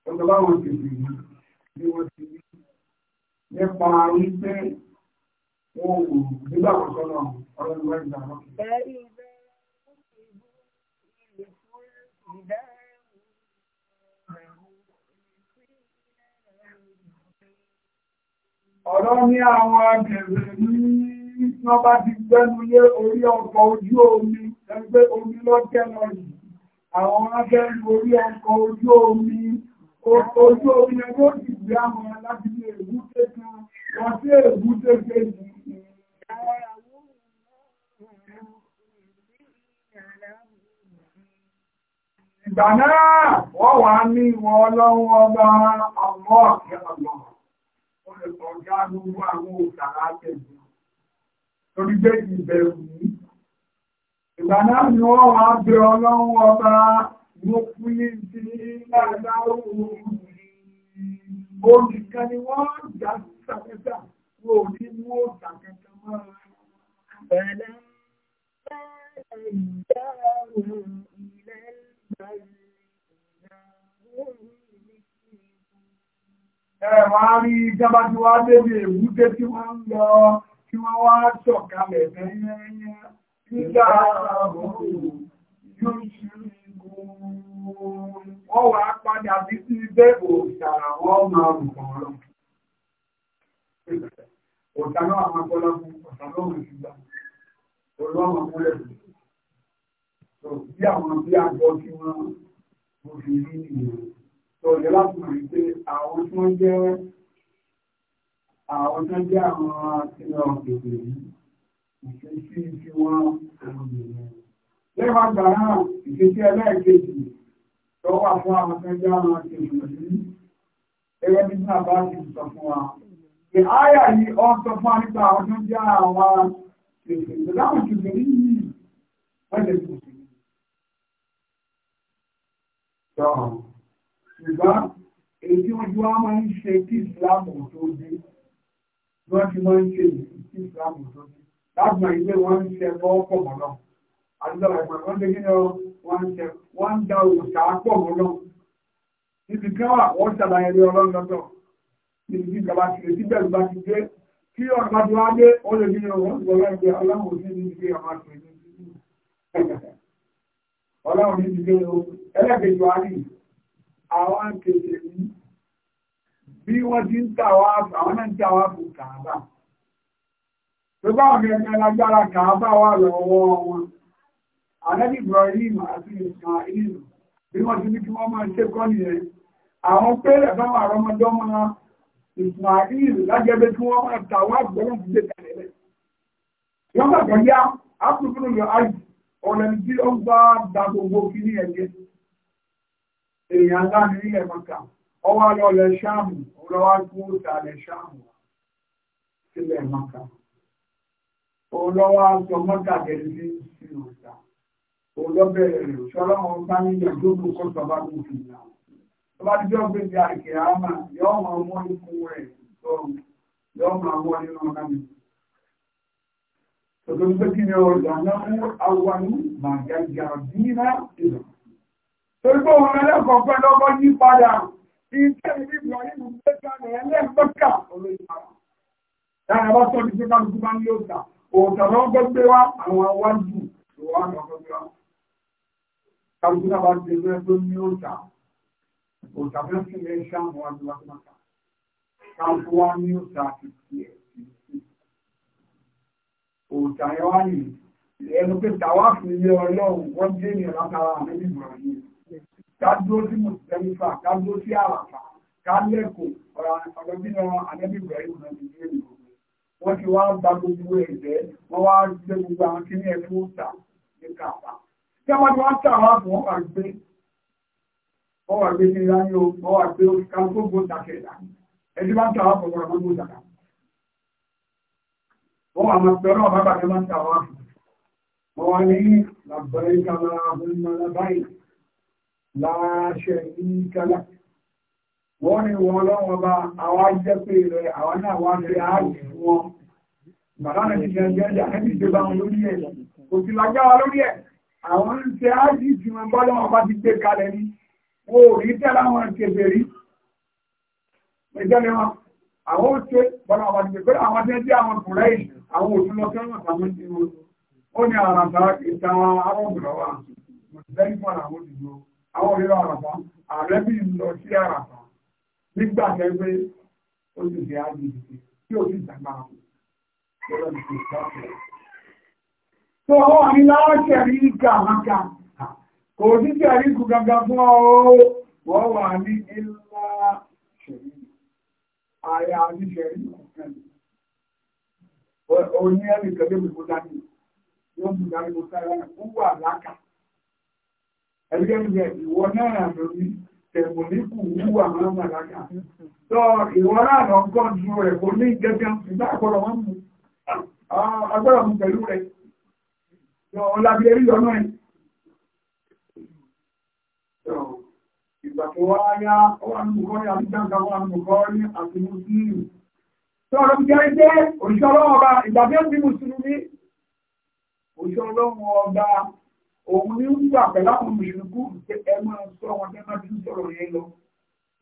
[SPEAKER 1] ọjọ́ báwọn ti bì í bí wọ́n ti rí nípa wípé wọn ò nígbà wọn sọ́nà ọlọ́run wáyé ìgbà wọn. ọ̀rọ̀ ní àwọn agbègbè ní wọ́n bá ti gbẹ́nu lé orí ọkọ̀ ojú omi ẹgbẹ́ omi lọ́jẹ́ lọ yìí àwọn abẹ́rù orí ọkọ̀ ojú omi ojú omi ẹgbẹ́ òsì gbé àwọn láti lè èbúté kan wọ́n sí èbúté kejì ìgbà náà wọ́n wà ní ìwọ̀ ọlọ́run ọba àwọn ọ̀kẹ́ ọlọ́run ọ̀gá gbogbo àwọn òkàrà àtẹ̀jù torí pé ìbẹ̀rù ní ìgbà náà ni wọ́n wá bẹ ọlọ́run ọba mo fún ní ti láàárọ̀ òun kan ni wọ́n jà sàkẹ́sà wọn ò ní mú òjà kẹta mọ́ ẹ̀rẹ́ ẹ̀yìn dáhùn ilẹ̀ ìgbà yìí. ẹ̀wà rí ìjọba tí wá débi èbúté tí wọ́n ń lọ kí wọ́n wá sọ̀kalẹ̀ bẹ́yẹ́yẹ́ nígbà àbúrò yóò ṣe wọ́n wá padà bí sí ibẹ̀ òòṣà wọ́n máa rù kàn lọ. òòṣà náà máa kọ́lá fún òòṣà Sọ̀rọ̀ láti pé àwọn tí wọ́n jẹ́ àwọn tó jẹ́ àwọn akẹ́lẹ̀ ọ̀gbẹ̀gbẹ̀ yìí, ìfẹ́sí tí wọ́n ọ̀rọ̀ nìyẹn. Lẹ́wà náà, ìfẹ́sí ẹlẹ́ẹ̀kejì tó fún àwọn tó jẹ́ jẹ́ àwọn akẹ́lẹ̀ yìí, láwọn yìí, ṣùgbọ́n èyí ojú wa máa ń ṣe kí ìsìlámù tó dé wọ́n ti máa ń ṣe kí ìsìlámù tó dé lágbà ilé wọ́n ń ṣe bọ́ pọ̀ mọ́ náà àdúgbò ẹ̀gbọ́n wọ́n ṣe kí ni wọ́n ń ṣe wọ́n ń da òòṣà pọ̀ mọ́ náà níbi kan wà wọ́n ṣàlàyé ní ọlọ́run lọ́dọ̀ níbi tí ìjọba ti lè sí bẹ́ẹ̀ bá ti dé kí ọ̀rọ̀ bá ti wá dé ó lè ní ọ̀rọ̀ ìgbọ̀lá ìgbẹ́ ọlọ́run ò ní ìgbé ọmọ àti ìgbé ẹlẹ́gbẹ̀ẹ́ àwọn akẹ́kẹ̀ẹ́ ní bí wọ́n ti ń tàwà àwọn náà ń tàwà fún kàábà tó bá wọn kẹ́kẹ́ alágbára kàábà wà lọ́wọ́ wọn àlẹ́bí Ibrahim àti Ismail bí wọ́n ti ní kí wọ́n máa ṣe kọ́ nìyẹn àwọn pẹ́rẹ̀ báwọn àrọmọdọ́mọ Ismail lágẹ́bẹ́ tí wọ́n máa tàwà gbọ́dọ̀ ti dé kàlẹ́lẹ̀ wọ́n bàbá yá ápùpù lọ àjù ọ̀rẹ́ tí ó ń bá da gbogbo kí ní ẹ̀jẹ̀ èèyàn láàrin nílẹ̀ mọ́ta ọwá lọ lẹ ṣáàmù ọlọ́wá gún òta lẹ ṣáàmù sílẹ̀ mọ́ta ọlọ́wá sọ mọ́ta gẹ̀ẹ́sì sí òta olọ́bẹ̀rẹ̀ rẹ̀ ṣọlọ́wọ́n bá ní ìyàgbógbò kó sọba gùn fi nà tó bá dídí ọgbẹ́ ti àìkè àmà yọ́ máa mọ́ ikú rẹ̀ sọ̀rọ̀ yọ́ máa mọ́ nínú ọ̀nà mi. Tòtò ń pé kí ni ọ̀dà náà mú àwọn àlù màgàgà bí náà ìlọ̀ torí pé òun ẹlẹ́kọ̀ọ́ pẹ́ lọ́kọ́ yí padà iṣẹ́ ìdí ìbìlọ́yìn mú pẹ́ta rẹ̀ ẹlẹ́gbẹ́ka olóyìnbára dára bá tọ́jú pé kálukú bá ń lé òkà òkà lọ́wọ́ gbé gbé wá àwọn awájú ìwà àgbàgbọ́ gbé wá kálukú náà bá ti gbé tó ní òkà òkà fẹ́ sí ilé iṣẹ́ àwọn àgbàgbọ́ tó máa ta kálukú wá ní òkà àti tiẹ̀ òkà yẹn wá yìí ẹnu pé tàwa fi ilé ọlọ́run wọ́n dé ní àmì ìbùrọ̀ yìí kádúró sí mùsùlùmífà kádúró sí àràfà kálẹ̀kọ̀ ọ̀rọ̀ bí wọn àdẹ́bí ibrahim náà ti dé ìlú wọ́n ti wá gba gbogbo ẹ̀jẹ̀ wọ́n wá gbé gbogbo àwọn kíní ẹ̀ fún òòtà ní kàfà tí wọ́n ti wá tà wá fún wọn wà gbé wọ́n wà gbé ní ìlànà wọ́n wà gbé kánkó gbòòtà kẹta ẹni bá ń tà wá fún wọn wà gbòòtà kàfà wọ́n wà máa pẹ̀lú ọ̀bá bàtẹ́ máa ń tà wá fún wọn wà ní làbẹ́rẹ́ kàmá àbúrò láṣẹ ní kálá wọ́n ni wọ́n lọ́wọ́ bá àwọn jẹ́ pé rẹ̀ àwọn náà wá rẹ̀ ààrùn wọn bàbá rẹ̀ ti jẹ́ jẹ́ jẹ́ ẹni ìjọba wọn lórí ẹ̀ kò sí lágbára lórí ẹ̀ àwọn ń tẹ ájì tí wọn bá lọ́wọ́ bá ti gbé kalẹ̀ ní wo rí tẹ́lá wọn kẹfẹ́ rí ìjọba wọn àwọn ó tẹ bọ́lá wọn ti gbé àwọn tẹ́ jẹ́ àwọn kùrẹ́ àwọn òtún lọ sẹ́wọ̀n tàbí ti wọn ó ní àràbà ìtàn àwọn arọ́bùrọ̀ wa mọ̀ àwọn òrìrà àràfà àrẹ́bí lọ sí àràfà nígbà tẹ́gbẹ́ ó ti fi ààbò ìdìbò tí ó ti dàgbà lọ́wọ́ ti fi sáfẹ́. tó ọ ní láwọ́sẹ̀ rí gàmága kò sí sẹ̀rí kù gangan fún ọ wọ́n wà ní ilá ṣẹ̀rí àyà ní ṣẹ̀rí ẹgbẹ́ ìwọ náà lórí tẹ̀mùníkù wúwà máa màlága tó ìwọ náà lọ gọ́ ju rẹ̀ kò ní gẹ́gẹ́ ìgbà àkọlọ̀ wọn mú agbára mú pẹ̀lú rẹ̀ tó ọlábí erí lọ náà ìgbà tó wá yá ọwà nùkọ́ ní àbújáǹkà wà nùkọ́ ní àti mùsùlùmí tó ọ̀rọ̀ jẹ́ jẹ́ òṣìṣẹ́ ọlọ́wọ́ ọba ìgbà tó ń bí mùsùlùmí òun ní wíwà pẹ̀lú àwọn mìírànkú pé ẹ máa sọ wọn tẹ́ máa ti ń sọ̀rọ̀ yẹn lọ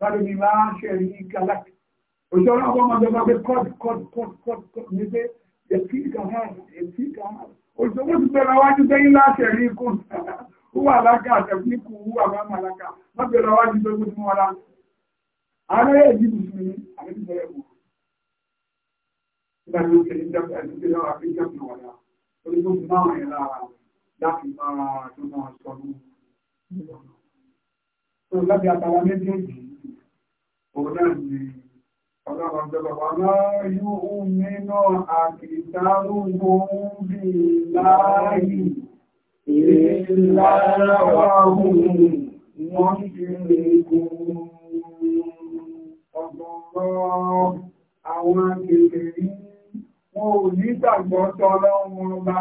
[SPEAKER 1] láti ní máa ṣe rí ní galak òṣìṣẹ́ ọlọ́run ọmọ ọjọ́ máa pé kọ́d kọ́d kọ́d kọ́d kọ́d ní pé èsì gàhán èsì gàhán òṣìṣẹ́ wọ́n ti bẹ̀rẹ̀ wájú sẹ́yìn láṣẹ rí kù wúwà alága àtẹ̀kùnìkù wúwà máa máa lága wọ́n bẹ̀rẹ̀ wájú tó gbé fún wọn lá ààrẹ èyí mùsùlùmí àti ìbẹ̀rẹ̀ wò nígbà tí ó ṣe ní jẹ́ pẹ̀lú ìjọba àti ìjọba wọn lá orí tó fi láti máa tó máa sọ ní ìlànà. Tó lábẹ́ àtàwà méjèèjì, òun náà ni ọlọ́run tó bàbá náà yóò mínú àkìtàrúgbò bí láàyè ìlàláwàhùn wọ́n ti rẹ̀kùn ọgbọ̀nrọ̀ ò ní gbàgbọ́ tọ́lọ́run bá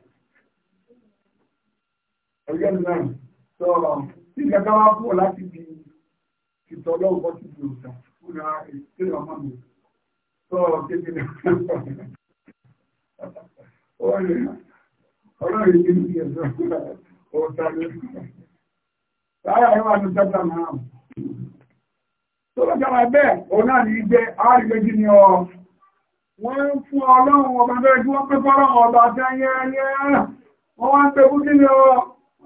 [SPEAKER 1] ẹgbẹ́ náà sọ tí kankan wá pọ̀ láti di ìtọ́ lọ́wọ́ bọ́ sí ìlú ọ̀sà fún ra ìṣẹ̀lẹ̀ ọmọ mi sọ kékeré ọlọ́run yìí ní ẹ̀sọ́ ọ̀sà ló sáyà yóò wá ní sẹ́tà náà tó lọ́jọ́ wa bẹ́ẹ̀ òun náà ní gbé àárín méjì ni ọ wọ́n ń fún ọlọ́run ọba bẹ́ẹ̀ tí wọ́n pẹ́ fọ́lọ́run ọba jẹ́ yẹ́yẹ́ wọ́n wá ń pẹ́ fún kí ni ọ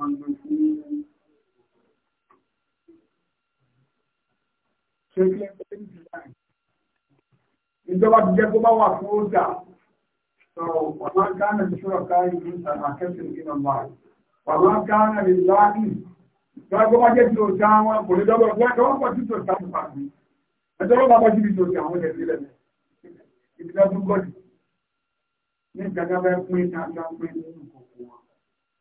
[SPEAKER 1] Ìjọba ti jẹ́ kó bá wà fún ó dà. Wàmá gánà lè ṣọ́rọ̀ káyìí ní àkẹ́sìn ìgbìnà báyìí. Wàmá gánà lè láàrín. Gbogbo bá jẹ́ tí ó dá wọn kò lè dọ́gbọ̀ gbọ́gbọ́ pọ̀ tí tó dá nípa mi. Ẹjọ́ ló bá bọ́ síbi tó dá àwọn ilẹ̀ sílẹ̀ mi. Ìbílẹ̀ tó gọ́dì. Ní ìgbàgbọ́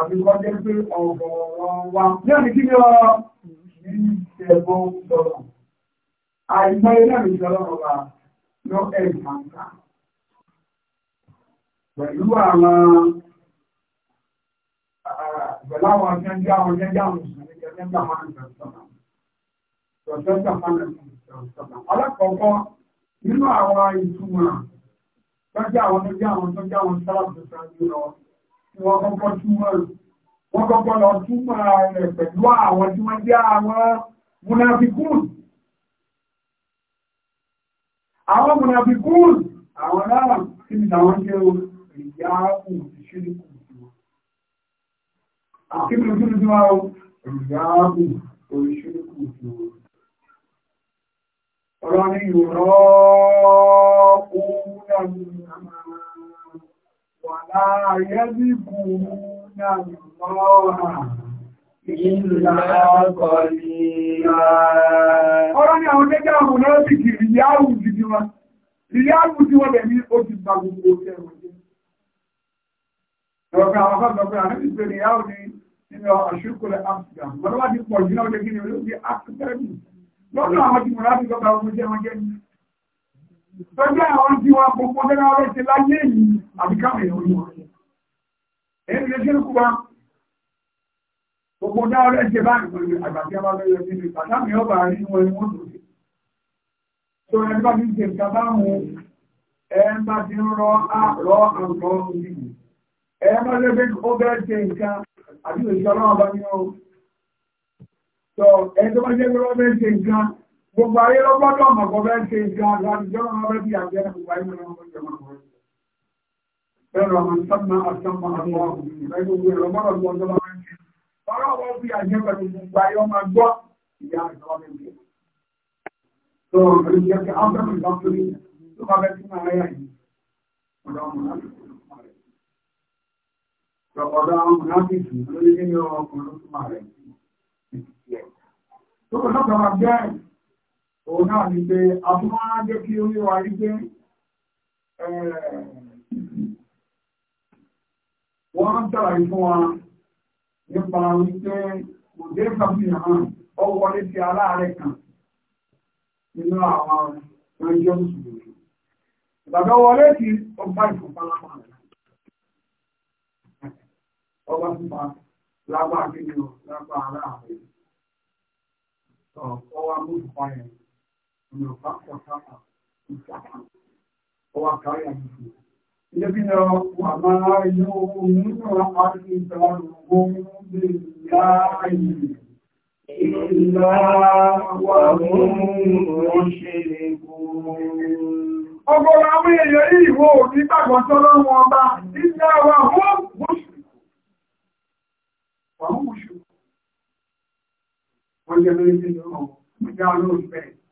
[SPEAKER 1] àbí wọ́n jẹ́ pé ọ̀gọ̀ọ̀rọ̀ wa ní ọ̀nà kí ni ọ ìṣẹ̀bọ̀ sọ̀rọ̀ àìmọ́ iná mi sọ̀rọ̀ ọba lọ ẹ̀ǹkàǹkà pẹ̀lú àwọn pẹ̀lú àwọn jẹ́jẹ́ àwọn jẹ́jẹ́ àwọn ìṣẹ̀lẹ̀ jẹ́jẹ́ àwọn ìṣẹ̀lẹ̀ alákọ̀ọ́kọ́ nínú àwọn ìtumọ̀ tọ́jú àwọn tọ́jú àwọn tọ́jú àwọn sáàbù tó sáájú lọ ni wọ́n kọ́kọ́ túmọ̀ wọ́n kọ́kọ́ lọ túmọ̀ rẹ̀ pẹ̀lú àwọn tí wọ́n jẹ́ àwọn munafikun àwọn munafikun àwọn náà kí ni àwọn jẹ́ ìyá òun ìṣírí kù àkíkù tó ní wá ìyáàbù oríṣiríkù tó ọ̀rọ̀ ni ìrọ̀ òun Wàlá ayẹ́bí kú náà lọ́wọ́ Ọ̀rọ̀ ni àwọn ẹgbẹ́ àwọn náà sì kì rí yáàrù jìdí wọn. Ìyáàrù tí wọ́n bẹ̀ ní ó ti gba gbogbo ẹ̀rọ jẹ́. Ọ̀gá àwọn ọ̀gọ́gbọ̀n àwọn ìgbẹ̀ ni yáàrù ní nínú ọ̀ṣùkúrẹ̀ Amsterdam. Mọ́lọ́wà ti pọ̀ jù náà jẹ́ kí ni ó ti tó jẹ́ àwọn tí wọ́n gbogbo lẹ́nà ọ̀rẹ́ ti láyé yìí àbíkáwẹ̀ èèyàn orí wọn èyí lè ṣírùkú wa gbogbo dá ọ̀rẹ́ ti báyìí pẹ̀lú àgbàtí abábẹ́yẹ nínú ìpàdánù ọba rí wọn ni wọ́n tó ṣe tó ẹni bá ti ń ṣe nǹkan báwọn ẹn bá ti ń rọ àrọ àrọ orí ẹn bá lẹ́gbẹ́ ó bẹ́ẹ̀ ṣe nǹkan àbí òṣìṣẹ́ ọlọ́run bá ní ọ Gbogbo ayé ló gbọ́dọ̀ mọ̀ kọ́ bẹ́ẹ̀ ṣe ìgbà àgbàdìjọ́ máa bẹ́ẹ̀ bí àjẹ́ gbogbo ayé ló gbọ́dọ̀ mọ̀ kọ́ Bẹ́ẹ̀rọ àwọn sọ́nà àtọ́mọ àwọn ọ̀gbìn ìrẹ́ gbogbo ẹ̀rọ mọ́rọ̀ gbọ́ ọjọ́ máa ń ṣe. Ọ̀rọ̀ wọn fi àjẹ́ pẹ̀lú gbogbo ayé ọmọ gbọ́ ìyá ìjọba bẹ́ẹ̀ ṣe. Sọ ọ̀rọ̀ ìjẹ́ kí áfẹ́mù ìbáfẹ́lì tó bá bẹ́ẹ̀ tún ara yà yìí. Ọ̀dọ̀ ọmọ láti ọ̀dọ̀ ọmọ láti sùn lórí nínú ọkùnrin tó máa rẹ̀. Tó òun náà ni pé abúmọ́rá jẹ́ kí ó yíwa rí pé wọ́n tààrí fún wa nípa wípé kò dé fàfihàn ọ wọlé sí aláàrẹ kan nínú àwọn ẹjọ́ ìṣòro ìgbàgbà wọlé sí ọgbà ìfọ̀pálápá ọgbà pípa lágbà kíni ọ lágbà aláàrẹ ọwọ́ amúfùpá yẹn Yorùbá kọ̀ sáfà ìsàkà. Ó wà kárí àdìsí. Ilébí lọ wà máa yọ nínú àti ìdánwò lè yá ìlú. Ìlà wà mú òṣèlè Ọgbọ̀rọ̀ àwọn èèyàn yìí wò ní gbàgbọ́ sọ́lọ́wọ́ ọba, ìjà wà fún bùṣù. Wà fún bùṣù. Wọ́n jẹ́ lórí sí ọ̀rọ̀, ìjà olóògbẹ̀rẹ̀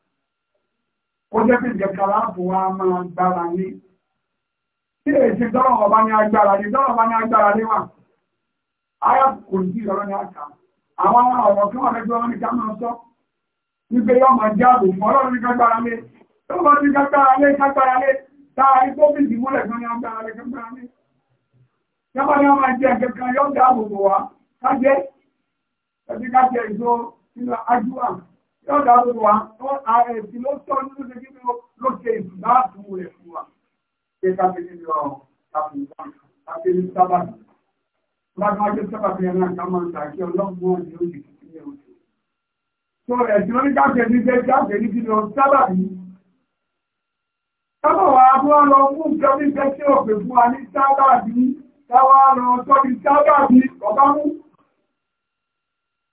[SPEAKER 1] ó jẹ́ pé ìjẹ̀kà láàbò wa máa gbára ní tí èsì tọ́rọ̀ ọba ní agbára ní tọ́rọ̀ ọba ní agbára ní wà ara kò ní ìrọ̀rọ̀ ní àkà àwọn ọ̀rọ̀ tí wọ́n lẹ́gbẹ́ wọn ní ká máa sọ wípé yọ́ máa jáàbò fún ọlọ́run ní kágbára lé tó bá ti kágbára lé kágbára lé táà igbó bí ìdí múlẹ̀ fún ní agbára lé kágbára lé yọ́bá ni wọ́n máa jẹ́ ẹ̀kẹ́ kan yọ́ jáàbò bò wá kájẹ́ ẹ̀sìn kájẹ́ ìgbó nílò ájúwà yọ̀dà gbogbo wa wọ́n ààrẹ ìdí ló tọ́ nínú ṣe kíni ló ṣe ìdùnnà àdúgbò rẹ̀ fún wa. ṣé káfíńtì ni ọ̀rọ̀ káfíńtì káfíńtì sábà ní. lágbàá jẹ́ sábà fi ẹran àká máa ń ta kí ọlọ́gbọ́n ni ó lè fi sílẹ̀ òkè. tó ẹ̀sìn oní káfíńtì ní jẹ́ káfíńtì kíni ọ sábà ní. sábà wà á fún wa lọ fún nǹkan bí iṣẹ́ tí ò pè fún wa ní sábà bí táwa lọ sọ́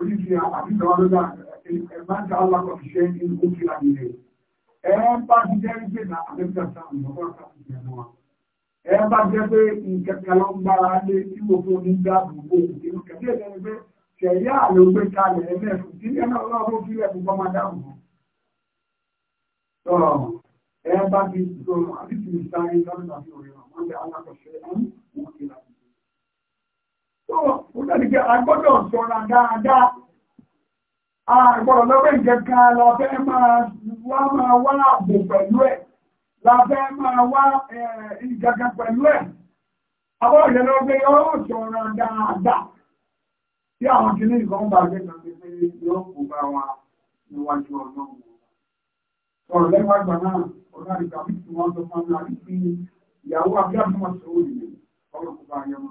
[SPEAKER 1] oríṣi àbíjọba lọ́dà ẹ̀bá ń ta alákọ̀ ṣiṣẹ́ ní òkè àgbègbè ẹ̀ẹ́bá ti jẹ́ wípé na àbẹ́bíjà sáà lọ́wọ́ sáà ti jẹ́ wọn ẹ̀ẹ́bá jẹ́ pé ìkẹ̀kẹ̀ lọ ń bára lé tí wo fún ní dáàbò bò nínú kẹ̀kẹ́ ìjẹ́ pé ṣẹ̀yà ló gbé kalẹ̀ ẹlẹ́fù tí ẹ̀ náà lọ́wọ́ fún ilẹ̀ fún bọ́mọ ti sọ Ó tẹ́lì pé agbọ́dọ̀ sọ́ra dáadáa. Àgbọ̀rọ̀ lọ́pẹ́ ìjẹ̀kan lábẹ́ máa wá wá pẹ̀lú ẹ̀. Lábẹ́ máa wá ìjẹ̀kan pẹ̀lú ẹ̀. Àwọn yóò sọ́ra dáadáa. Tí àwọn kìíní ìkan bá gbé wa ìyàwó ìlú.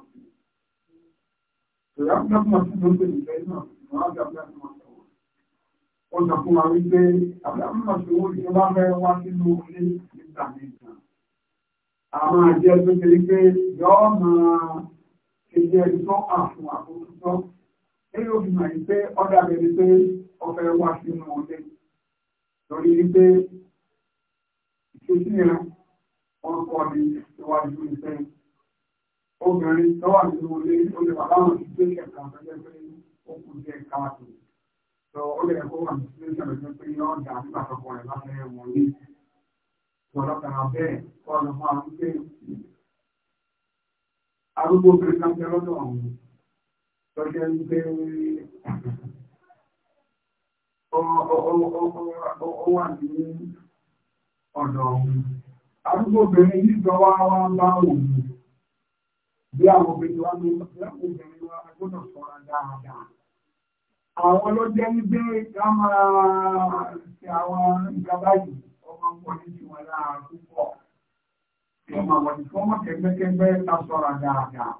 [SPEAKER 1] Wọ́n sọ fún wa wípé àbúrámọ̀ ṣòwò ìjọba fẹ́ wá sínú ilé nígbà mẹ́ta. Àwọn àjẹ́ tó ṣe rí pé yọ́ máa ṣe jẹ́ ìtọ́ àfún àkókòtọ́. Eré òfin máa yí pé ọ́dà bẹ̀rẹ̀ pé ọfẹ́ wá sínú ilé. Lórí wípé ìṣesí yẹn, wọ́n kọ́ ní iwájú ìfẹ́ yìí obìnrin tó wà nínú ilé ó lè wà láwọn situation kan tó jẹ́ pé ó kù díẹ̀ káàtó tó ó lè kó wà ní situation tó jẹ́ pé yọ ọ̀dà nígbà tó kọ̀ rẹ̀ láti ẹ̀ wọ̀n yìí tó lọ́kàrà bẹ́ẹ̀ kọ́ lọ máa ń gbé arúgbó obìnrin kan jẹ́ lọ́dọ̀ ọ̀hún tó jẹ́ ń gbé ó wà ní ọ̀dọ̀ ọ̀hún arúgbó obìnrin yìí jọ wá wá bá òun bí àwọn obìnrin wa ní obìnrin wa gbọ́dọ̀ sọ̀rọ̀ dáadáa. Àwọn ọlọ́jẹ́ ní gbé ká máa ṣe àwọn ìjọba yìí, ọmọ pọ̀ ní tiwọn lára púpọ̀. Ìmọ̀ àwọn ìfọ́mọ̀ kẹgbẹ́kẹgbẹ́ ká sọ̀rọ̀ dáadáa.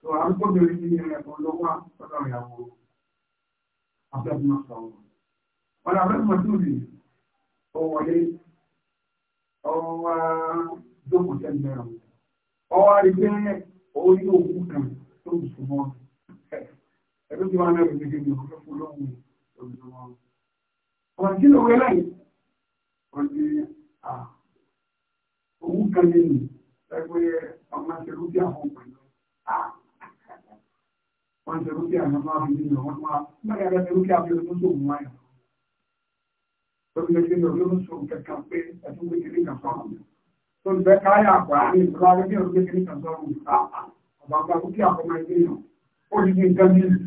[SPEAKER 1] Sọ àrùkọ́bìnrin ní ẹ̀kọ́ lọ́wọ́ sọ́dọ̀ ìyàwó. Afẹ́bùnà sọ̀rọ̀. Ọ̀nà àbẹ́bùnà tó rí ọwọ́lé ọwọ́ jókòó tẹ́lẹ̀ ọwọ́ àrígbé orí òkú kan tó ń sùn mọ́ ẹgbẹ́ tí wọ́n náà lè gbé ní ọkọ̀ fún lọ́wọ́ olùdọ́wọ́ ọ̀rọ̀ kí ló wẹ́lẹ̀ ọ̀dẹ à owó tó ń bẹ káyà àgbà ní ìgbà rẹ bí òkè kí nìkan sọ ọrùn àpá àbàgbà kó kí àkọmọ ẹgbẹ́ yàn ó ní kí n tẹ́lẹ̀ ìlú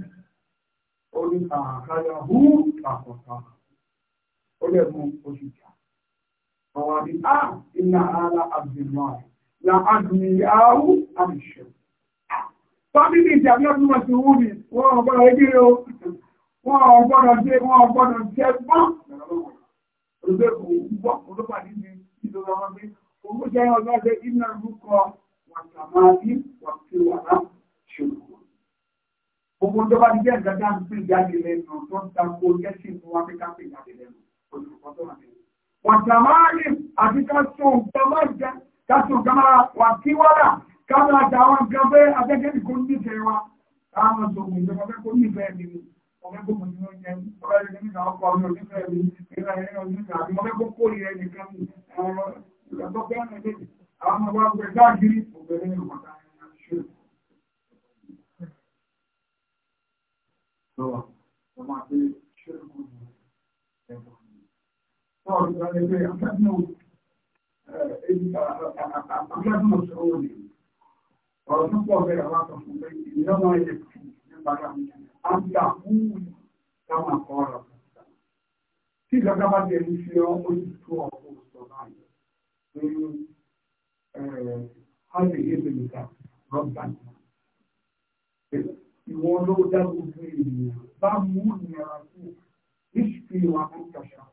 [SPEAKER 1] ó ní àkáyà hú àkọ́kọ́ ó lè mú oṣù jà ọwọ́ àbí á iná ara abdulmọ́ọ̀rì la àdùnìyàwó àbíṣẹ́ fábílì ìjà bí ọdún wọn ti wú ni wọn ò gbọ́dọ̀ ẹgbẹ́ o
[SPEAKER 2] wọn ò gbọ́dọ̀ dé wọn ò gbọ́dọ̀
[SPEAKER 1] jẹ gbọ́n olùgbé kò wú Òun jẹ́ ọjọ́ ṣe iná rúkọ wàtàmáàbí wàtíwàrá ṣòro. Gbogbo tó bá ti jẹ́ ìdájá ń pè jáde lẹ́nu tó ń tako lẹ́sìn fún wa pẹ́ká pè jáde lẹ́nu. Olùkọ́ tó wà lẹ́nu. Wàtàmáàbí àti kásò gbàmájà kásò gbàmá wàtíwàrá káwọn àtàwọn gbàgbé abẹ́gẹ́ nìkan nífẹ̀ẹ́ wa. Káwọn sọ̀rọ̀ ìjọba fẹ́ kó nífẹ̀ẹ́ mi ni ọ̀rẹ́gbọ́n mi ló yẹ ọ̀rẹ́ mi nígbà ọkọ̀ mi ò nífẹ̀ẹ́ mi ìrẹ́ ẹ̀rọ nígbà àbí ọ̀rẹ́gbọ́n kórìíra ẹnìkan mi ìgbàgbọ́ pé ọ̀nà ìdíje àwọn ọmọ wa gbẹ káàkiri obìnrin ìwọ̀ta ẹ̀yìn ṣe. Ọmọ àti ṣe é kú ní ẹ̀kọ́. Sọ́ọ̀rọ̀ ìgbà lè rí àfẹ́fẹ́ àfẹ́fẹ́ òṣèlú ni. Ọ̀rọ̀ tó pọ̀ bẹ̀rẹ̀ wá sọ fún pé ìjọba ilẹ̀ kù nípa kàmí. A ń gbà fún káwọn akọ ọ̀rọ̀. Tí ìjọba bá jẹ́ ní fi ọ́ ó ti tó ọ̀pọ̀ sọ báyìí nínú hàbí ìbìlìkà rọ́bà ìwọ ló dá gbogbo ènìyàn bá mú ìnira sí ìṣùkú ìwà àkàṣà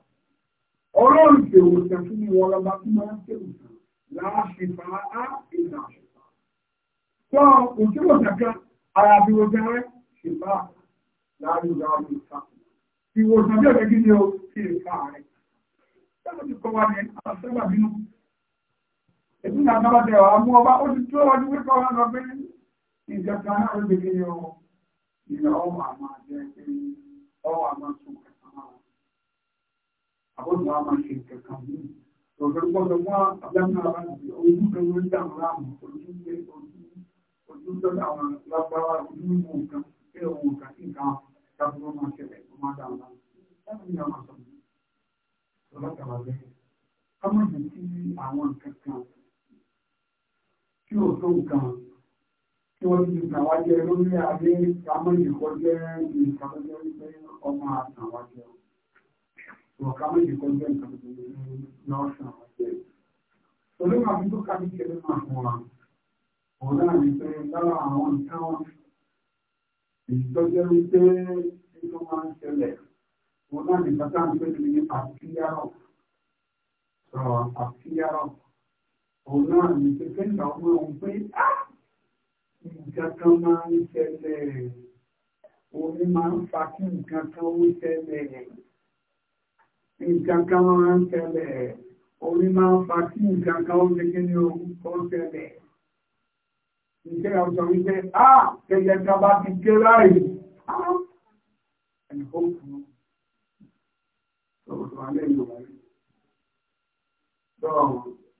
[SPEAKER 1] ọlọ́run ṣèwòsàn fún mi wọn lọ́ba tí wọ́n ń ṣèwòsàn láàṣìfà á ìlà àṣìfà tó òṣèwòsàn kan ara bí wọ́n jẹ́rẹ́ ṣìfà láàrin láàrin ìfà ìwòsàn bí ọ̀gẹ́gí ni ó ṣe ìfà rẹ̀ sábà ti kọ́ wa ní àṣẹ́gbà bínú èmi náà tọ́lá tẹ wàá mú ọba ó ti tó ọdún pé kọ́ra lọ pé ìjọba náà ló gbé kéde ọ ìyá ọwọ́ àmà jẹ pé ọwọ́ àmà sùn kẹta náà àbọ̀dọ̀ àmà ṣe kẹta mú ọ̀gá gbọ́dọ̀ wá abẹ́mú ara nìyí ojú tó ń dà wọn láàmú ojú pé ojú ojú tó dà wọn lágbára ojú mú nǹkan pé òun nǹkan sí nǹkan dábúrò máa ṣẹlẹ̀ tó má dà wọn láàmú láti ní àwọn àtọ̀mọ́ ọlọ́kàlà bẹ́ẹ̀ ká má jẹ́ kí àwọn nǹkan kan tí ó tó nǹkan tí wọ́n ti nǹkan wá jẹ lórí adé kámọ́ ìdíkọ́ jẹ́ nǹkan tó jẹ́ wípé ọmọ àtàn wá jẹ ọ̀ kámọ́ ìdíkọ́ jẹ́ nǹkan tó jẹ́ lọ́sàn wá jẹ. Tọ́lú màá fi tó kábí kéré máa fún wa. Òun náà ní pé lára àwọn nǹkan wọn èyí tó jẹ́ wípé tó máa ń ṣẹlẹ̀ òun náà ní pátá ń pè ní àfíyárọ̀. Sọ̀rọ̀ àfíyárọ̀ òun náà ní kékeré ìgbà ọmọ òun pé nǹkan kan máa ń ṣẹlẹ̀ omi máa ń fa kí nǹkan kan ó ṣẹlẹ̀ nǹkan kan máa ń ṣẹlẹ̀ omi máa ń fa kí nǹkan kan ó ṣẹlẹ̀ ní ohun tó ṣẹlẹ̀ ìṣẹ́ ọ̀sọ̀ wípé á kẹ̀kẹ́ kan bá ti gé láì ẹ̀kọ́ kù sọ̀rọ̀ alẹ́ ìwà rẹ̀ sọ̀rọ̀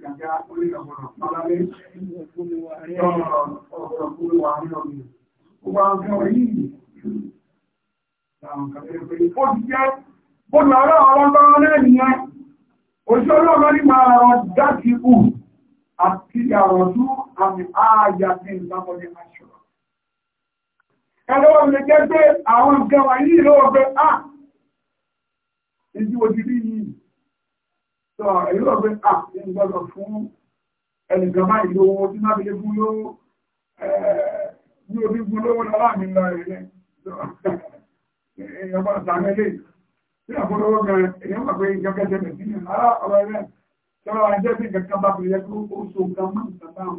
[SPEAKER 1] gàgá orí ọ̀pọ̀lọ̀ pàlálé ọ̀pọ̀lọpọ̀ wà ní ọ̀gbìn. Gbogbo àwọn ọmọ yìí làwọn kàfẹ́ pé ó ti jẹ́ bọ́ọ̀lù ọ̀rọ̀ ọlọ́gbọ́n náà nìyẹn. Oṣù ọlọ́gbọ́n ní máa rọ dákì hù àti àrọ̀dú àmì ààyà ní ìlàmọ́lé aṣọ. Ẹlọ́wọ́ mi jẹ́ pé àwọn nǹkan wà yìí lọ́wọ́ pé, ah, ìdí òdìrí ni sọ èyí lọ pé à ní gbọ́dọ̀ fún ẹnìkan báyìí lówó tí má fi lè fún lówó ní orí fún lówó lọ́la mi lọ rẹ̀ èèyàn bá sàmì lè tí àfọlọ́wọ́ gan èèyàn wà pé ìjọ kẹsẹ̀ lè sílẹ̀ lára ah, ọ̀rọ̀ o so nǹkan mọ́ nǹkan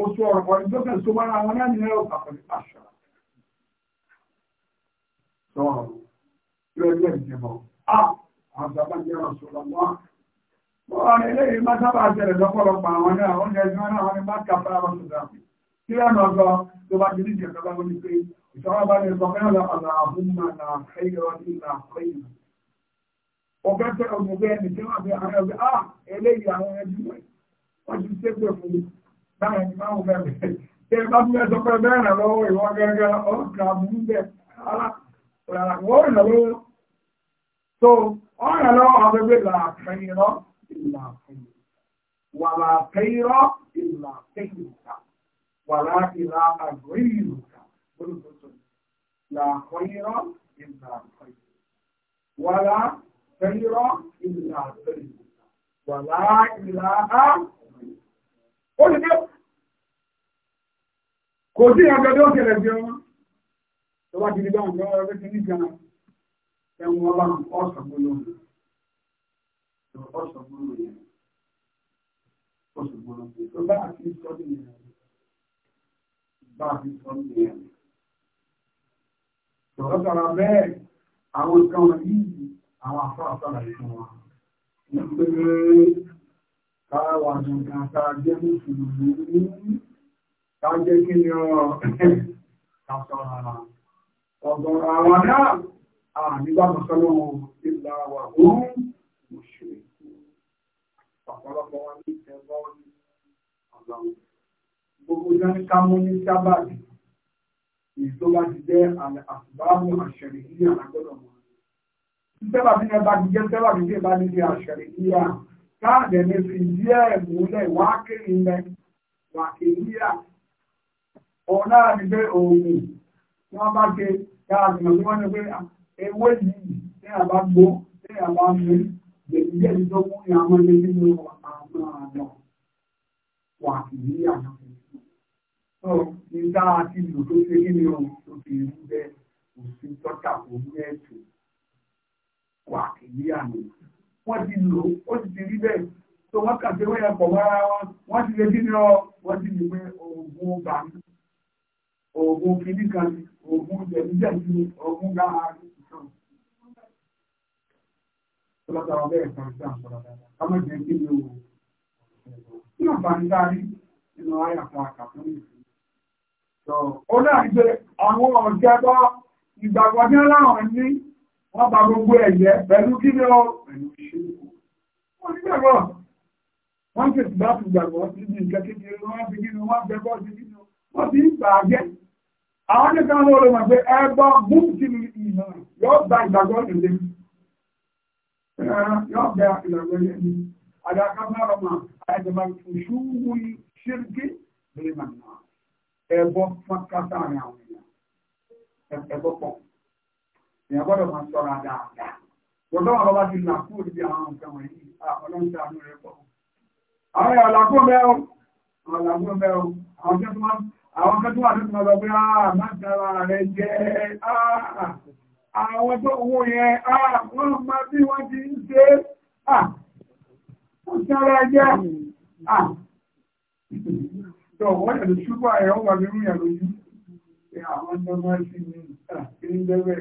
[SPEAKER 1] o so ọ̀rọ̀ kọ́ ìjọ kẹsẹ̀ wọn náà nìyẹn pàpàlẹ̀ pàṣọ. sọ yóò ẹgbẹ́ ìjẹ̀bọ̀ a ah, àwọn sábà jẹ́ ọ̀ṣọ́
[SPEAKER 2] Ọ̀rọ̀ ilé yìí máa sábà jẹ́rẹ̀ lọ́pọ̀lọpọ̀ àwọn náà, oúnjẹ tí wọ́n náà wọ́n
[SPEAKER 1] ní máa kàpá àwọn ṣùgbọ́n. Kí lọ́nà ọgọ́ tó bá jẹ́ níjẹ̀ tó bá wọ́n pé ìṣọ́wọ́ bá sọ nà ní tí wọ́n fi àwọn ah, eléyìí àwọn wọ́n ti ìlà àfẹ́yìn wàlà àfẹ́yìrọ́ ìlà àfẹ́yìn ká wàlà ìlà àgbẹ̀yìn ká olùdókòtò ìlà àfẹ́yìrọ́ ìlà àfẹ́yìn wàlà àfẹ́yìrọ́ ìlà àfẹ́yìn ká wàlà ìlà àfẹ́yìn. ó lè dé kò sí àgbẹ̀dọ́ kẹlẹ̀ bí wọn tó bá ti di báwọn gbọ́dọ̀ ọ̀rọ̀ bẹ́ẹ̀ ti ní ìjànà ẹ̀wọ̀n ọlọ́run ọ̀sán gbọ́dọ̀ ọ̀sọ̀ gbúrò yẹn oṣù gbúrò yẹn tó bá àti sọ́dún yẹn bá àti sọ́dún yẹn tọ̀rọ̀ tara bẹ́ẹ̀ àwọn nǹkan wọn yìí àwọn afọ́àfọ́lá ìfún wa ní pé káwà nǹkan tá a jẹ́ mùsùlùmí tá a jẹ́ kí ni ọ ká sọ̀rọ̀ ara ọ̀gọ̀rọ̀ àwọn náà àníbàbọ̀ sọ́lọ́wọ́ ìlà wà ó mùsùlùmí ọ̀pọ̀lọpọ̀ wọn ní ìfẹ́ bọ́ọ̀lù àgbàwọ̀. Gbogbo ìdáni ká mú ní sábàdì èyí tó bá ti jẹ́ àtìbáwò àṣẹ̀rẹ̀ yíyà lágbọ́dọ̀ wọn. Sábàbí náà bá ti jẹ́ sábàbí tí ìbá ní ti àṣẹ̀rẹ̀ yíyà káàdì ẹni fi díẹ̀ múlẹ̀ wá kéré mẹ́ wà kéré yíyà. Ọ̀nà àti pé òògùn tí wọ́n bá ṣe káàdì náà tí wọ́n ní pé ewé yìí ní àbá gbó ní àbá mú Jẹ̀díjẹ́ ìdókòwò àwọn ilé nínú àwọn àdán wà ní àwọn ìlú. Sọ ní dáa ti lò tó ṣe wà ní àwọn Wọ́n ti lò ó sì ti rí bẹ́ẹ̀. Sọ wọ́n kà sí wẹ́yẹ pọ̀ mọ́ra wọn. Wọ́n ti lè kí ni ọ wọ́n ti lè pé oògùn ọgbà mi. Oògùn kìíní kan ni oògùn jẹ̀díjẹ̀ ni oògùn gáà ní tọ́lọ́ta wa bẹ́ẹ̀ kan sí àǹsọ̀rọ̀ dáadáa ká má jẹ́ kí ni o kí ló bá ń darí nínú àyà fún àkà fún ìlú. ó dàbí pé àwọn ọ̀jẹ̀ bọ́ ìgbàgbọ́ ní aláwọ̀ ní wọ́n bá gbogbo ẹ̀yẹ pẹ̀lú kí ni o pẹ̀lú ìṣirò. wọ́n ti gbàgbọ́ wọ́n ti bá ti gbàgbọ́ síbi nǹkan kékeré wọ́n ti kí ni wọ́n bẹ bọ́ sí kí ni wọ́n ti ń gbàgbẹ́. àwọn nìkan ló lè mọ̀ pé ẹgbọ́ gúúsì ìmọ̀ yóò gba ìgbàgbọ́ ìlẹ́yìn yóò bẹ ìlànà yẹn ni àdàkàbára mà àìdàbà ìṣúwò ṣírkì bẹ́ẹ̀ mà nà ẹ̀bọ fọ́nkátà rẹ̀ àwọn èèyàn ẹ̀bọ pọ̀ èèyàn gbọ́dọ̀ máa sọ̀rọ̀ dáadáa lọ́dọ̀ wọn bá ti là kúrò níbi àwọn nǹkan wọ̀nyí ọlọ́run ti àánú rẹ̀ pọ̀ àwọn èèyàn làkó mẹ́rọ àwọn làkó mẹ́rọ àwọn kẹ́tùmá àwọn kẹ́tùmá tó ti máa lọ àwọn tó owó yẹn àwọn ọmọ bí wọ́n ti ń ṣe àtàrà jẹ́ àtọ̀ wọ́n yẹ̀ lè ṣúgbọ́ ẹ̀ ọmọ bí rú yẹ̀ lójú àwọn ọmọ sí ní ìrìnlẹ́rẹ̀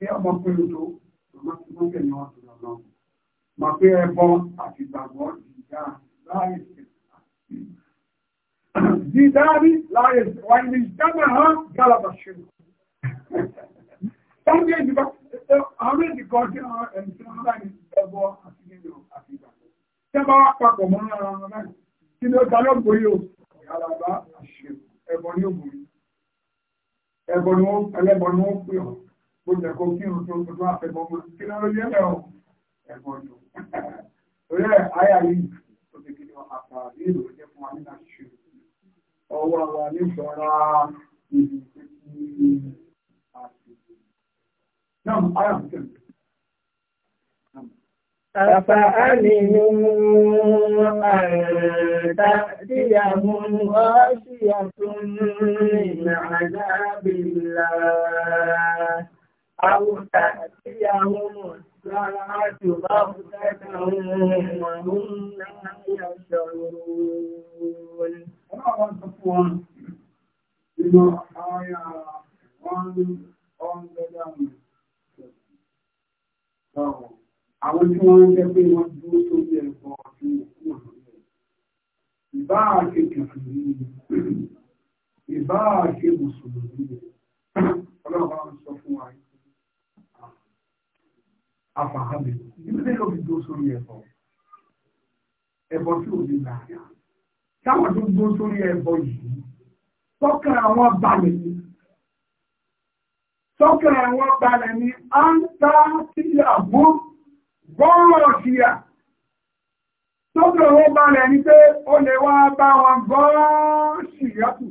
[SPEAKER 1] ní ọmọ pẹ̀lú tó mọ́kẹ̀ ni wọ́n ti lọ lọ mọ̀ pé ẹbọ àti ìgbàgbọ́ ìjà láàrin Dídárí láàrin wáyé ìjọba hàn gálàbà ṣe. Táwọn èdè bá àwọn èdè kan tí àwọn ẹ̀mí tí wọ́n bá ní ẹbọ àti nílò àti ìgbàgbọ́. Tẹ́ bá wá papọ̀ mọ́ ara wọn náà, kí ni ó ta ló gbóyè o? Àlàbá àṣẹ ẹbọ ní ògùn yìí. Ẹbọ ni wọ́n ẹlẹ́bọ ni wọ́n pè ọ́. Bó jẹ́ kó kí irun tó tó tó àfẹ́bọ mọ́. Kí ni o? o. [laughs] ní ìlú نعم آية أفأمنوا أن تأتيهم غاشية من عذاب الله أو تأتيهم الساعة بغتة وهم لا يشعرون. Inú ayà 100 àwọn tí wọ́n ń jẹ́ pé wọ́n dúró tó bí ẹ̀kọ́ tí wọ́n kú ọ̀nà rẹ̀. ìbá àṣẹ kẹfìrí ìbá àṣẹ mùsùlùmí ọlọ́run sọ fún wa àfàhàmì ìbílẹ̀ yóò fi dúró sórí ẹ̀kọ́ ẹ̀bọ tí ò ní láàyà táwọn tó dúró sórí ẹ̀bọ yìí tọ́ka àwọn balẹ̀ yìí. Tọ́kẹ̀ àwọn balẹ̀ ni a ń tá síyà mú gọ́ọ̀rọ̀ síyà. Tọ́kẹ̀ àwọn balẹ̀ ni pé ó lè wá bá wọn gọ́ọ̀rọ̀ síyà tù.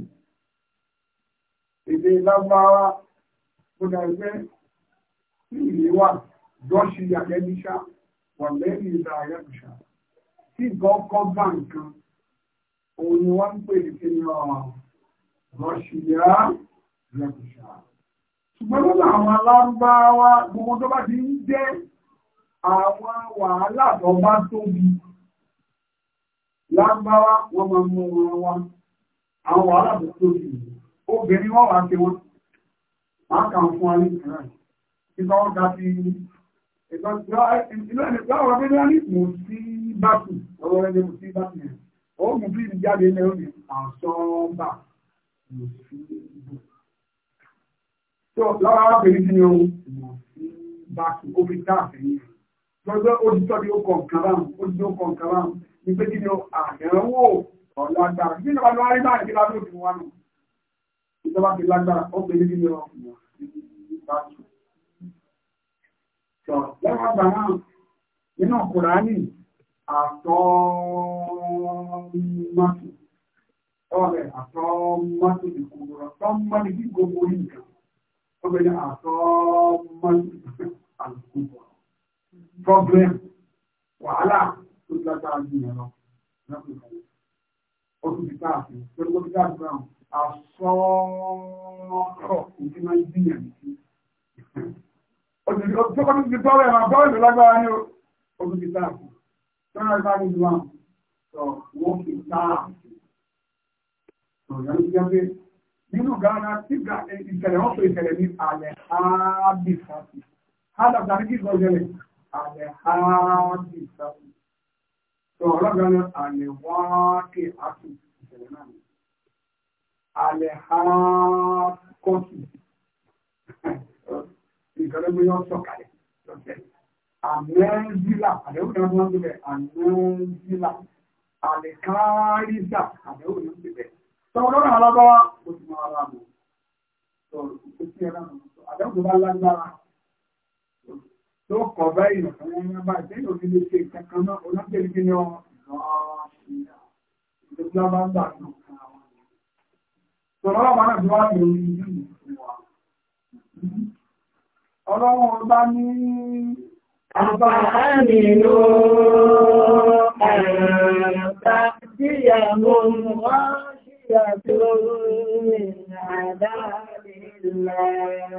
[SPEAKER 1] Èdè lágbára kódà ẹgbẹ́ sí ìlé wà gọ́ọ̀ṣìyà lẹ́níṣà wà lẹ́yìn ìlà ayẹ́bùṣà. Tí gọ́ọ̀kọ́ bá nǹkan, òun ni wọ́n ń pè ní ọ̀rọ̀ gọ́ọ̀ṣìyà lẹ́bùṣà ṣùgbọ́n lọ́dọ̀ àwọn alámbáwá gbogbo tó bá ti ń jẹ́ àwọn wàhálà tó bá tóbi lámbáwá wọ́n máa mú wọn wá àwọn wàhálà tó tóbi obìnrin wọ́n wá ṣe wọ́n máa kà ń fún alẹ́ ìkàrà ìgbà wọn ga sí ìgbà ìgbàwọ̀ bí wọ́n ní mò sí bàtù ọ̀rọ̀ ẹni mò sí bàtù ó mú bí ìjáde ilẹ̀ òní àṣọ bà tó lára arábìnrin tí ó bá kí ó fi dá àfẹ́yìn lọ́jọ́ òdìtọ́ ni ó kàn kàrán òdìtọ́ kàn kàrán ní pé kí ni àyẹ̀wò ọ̀la agbára kí ni ìjọba ní wọ́n rí báyìí kí ládùn òfin wa nù ìjọba ti lágbára ó pè ní kí ni ọ̀la lẹ́wọ̀n àgbà náà nínú kùránì àtọ́mọ́tò ọ̀rẹ́ àtọ́mọ́tò ìkòrò àtọ́mọ́tò gbogbo nǹkan obìnrin àtọ́mọ́tì àlùkùbọ̀ problem wàhálà tó lágbára ju ìyẹn lọ lọ́kùnrin ó tún ti káàkiri pẹ̀lú pé káàkiri náà àsọ́ọ́kọ̀ ìdí máa ń gbìyàn sí. Òṣìṣẹ́ tó kọ́ni ti tọ́wọ́ ẹ̀rọ àbọ̀ ìlú lágbára ní oṣù ti káàkiri. Sọ́nà ìfà ní ìlú àwọn sọ wọ́n fi káàkiri. Sọ̀rọ̀ yẹn ti jẹ́ pé nínú Ghana tí ìṣẹ̀lẹ̀ wọ́n pè ìṣẹ̀lẹ̀ ní alẹ́ háàbì sáfì hádà tàbí kí ìṣọ́ ìṣẹ̀lẹ̀ alẹ́ háàbì sáfì tó ọlọ́gbọ́n ní alẹ́ wáàkì àti ìṣẹ̀lẹ̀ náà ni alẹ́ háàkọ́sì yọ sọ̀kalẹ̀ àmẹ́ńzílà àdéhùn Sọ̀rọ̀ lọ́rọ̀ alábọ́wá, ó ti máa ra mọ̀. Sọ̀rọ̀ kò sí ẹ̀rọ mọ̀. Àdẹ́kùn bá lágbára. Tó kọ̀ báyìí nà fún ẹni bá ìdẹ́yìn òfin lè ṣe kankan náà, onájẹ́lì kí ni ọ ìjọba bá ń bà nù. Sọ̀rọ̀ ọ̀bá náà ti wá lè rí ìlú fún wa. Ọlọ́run ọba ní Àbáàmìnú ẹ̀rọ tàbí àwọn ọmọ يَسْتَتُرُ مِنْ عَذَابِ اللَّهِ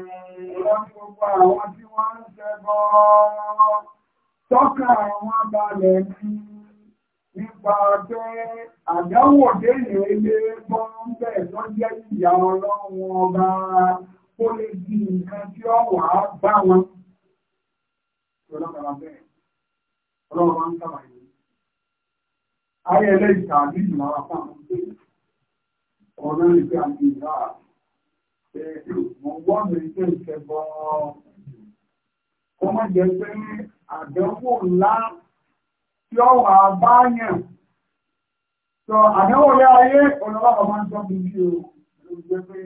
[SPEAKER 1] Tọ́ka àwọn balẹ̀ ọ̀nà ìgbé àmì ìlà mọ̀gbọ́n mi tó ìṣẹ̀bọ̀ kọ́ mọ́ jẹ́ pé àdánwò ńlá tí ó wà bá yàn sọ àdánwò yá ayé ọ̀nàwọ́ máa ń tọ́ mi bí o ló jẹ́ pé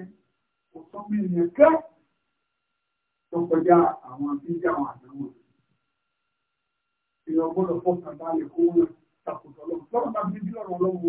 [SPEAKER 1] kò tó mi yẹn kẹ́ tó kọjá àwọn tí jẹ́ àwọn àdánwò ìyọ̀ gbọ́dọ̀ fọ́kàn balẹ̀ kó wọ́n takùtọ̀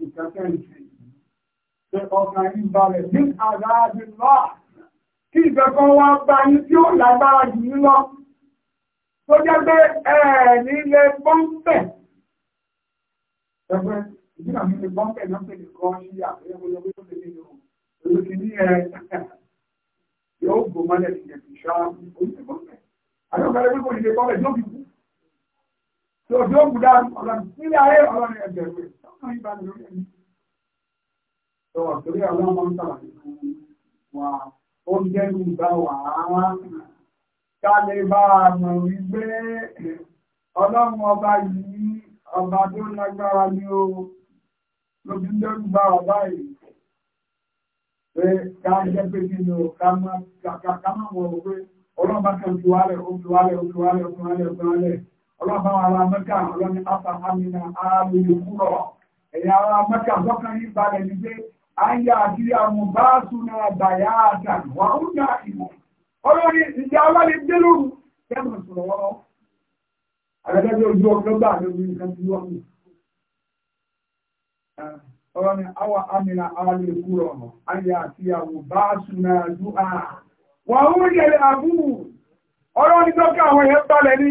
[SPEAKER 1] nǹkan kẹ́ǹkẹ́ ṣe ọkàn yìí balẹ̀ ní àdáàbí lọ́ kí ìgbẹ̀kan wá bá yí tí ó lágbára jù ní lọ tó jẹ́ pé ẹ̀ẹ̀ni lè pọ́ńpẹ̀ ẹgbẹ́ ìdílà mi lè pọ́ńpẹ̀ náà pè nìkan sí àfẹ́yẹ́wọ́lọ́wọ́ tó lè nínú olùkí ní ẹ̀ yóò gbòmọ́lẹ̀ ìjẹ̀kìṣà oníṣẹ́ pọ́ńpẹ̀ àyọ̀kọ̀lẹ́ pípọ̀ ìjẹ̀kọ́lẹ̀ lọ́dún òkúdá ọlọ́run nílé ayé ọlọ́run ẹgbẹ̀rún ọmọ ìbàdàn lórí ẹni. Sọ̀rọ̀ torí àwọn ọmọ ń sàlàyé fún wa ó ń jẹ́ nígbà wà á ká lè bá a mọ̀ wípé ọlọ́run ọba yìí ọba tó lágbára ni ó lójú lórí bá ọba yìí. Pé ká jẹ́ pé kí ni o ká má mọ̀ wípé ọlọ́run bá kan fi wálẹ̀ ó fi wálẹ̀ ó fi wálẹ̀ ó fi wálẹ̀ ó fi wálẹ̀ ọlọ́bàwà ará mẹ́kà ọlọ́ni afẹ́hámínà ààrùn kúrọ̀ ẹ̀yà ará mẹ́kà lọ́kàn yí balẹ̀ ní pé a ń yà àti àwọn bá súnà àgbàyà àtàn wà ń yà ìwọ̀ ọlọ́ni ìjà aláàlẹ̀ délóru kẹ́mọ̀ sọ̀rọ̀ wọ́n àgbẹ̀dẹ́gbẹ̀ ojú ọlọ́gbà lórí nǹkan tí wọ́n mú ọlọ́ni àwọ̀ àmìnà ààrùn kúrọ̀ a ń yà àti àwọn bá súnà àdúrà wà ń yẹ àbúrò ọlọ́ni lọ́kàn àwọn yẹn balẹ̀ ní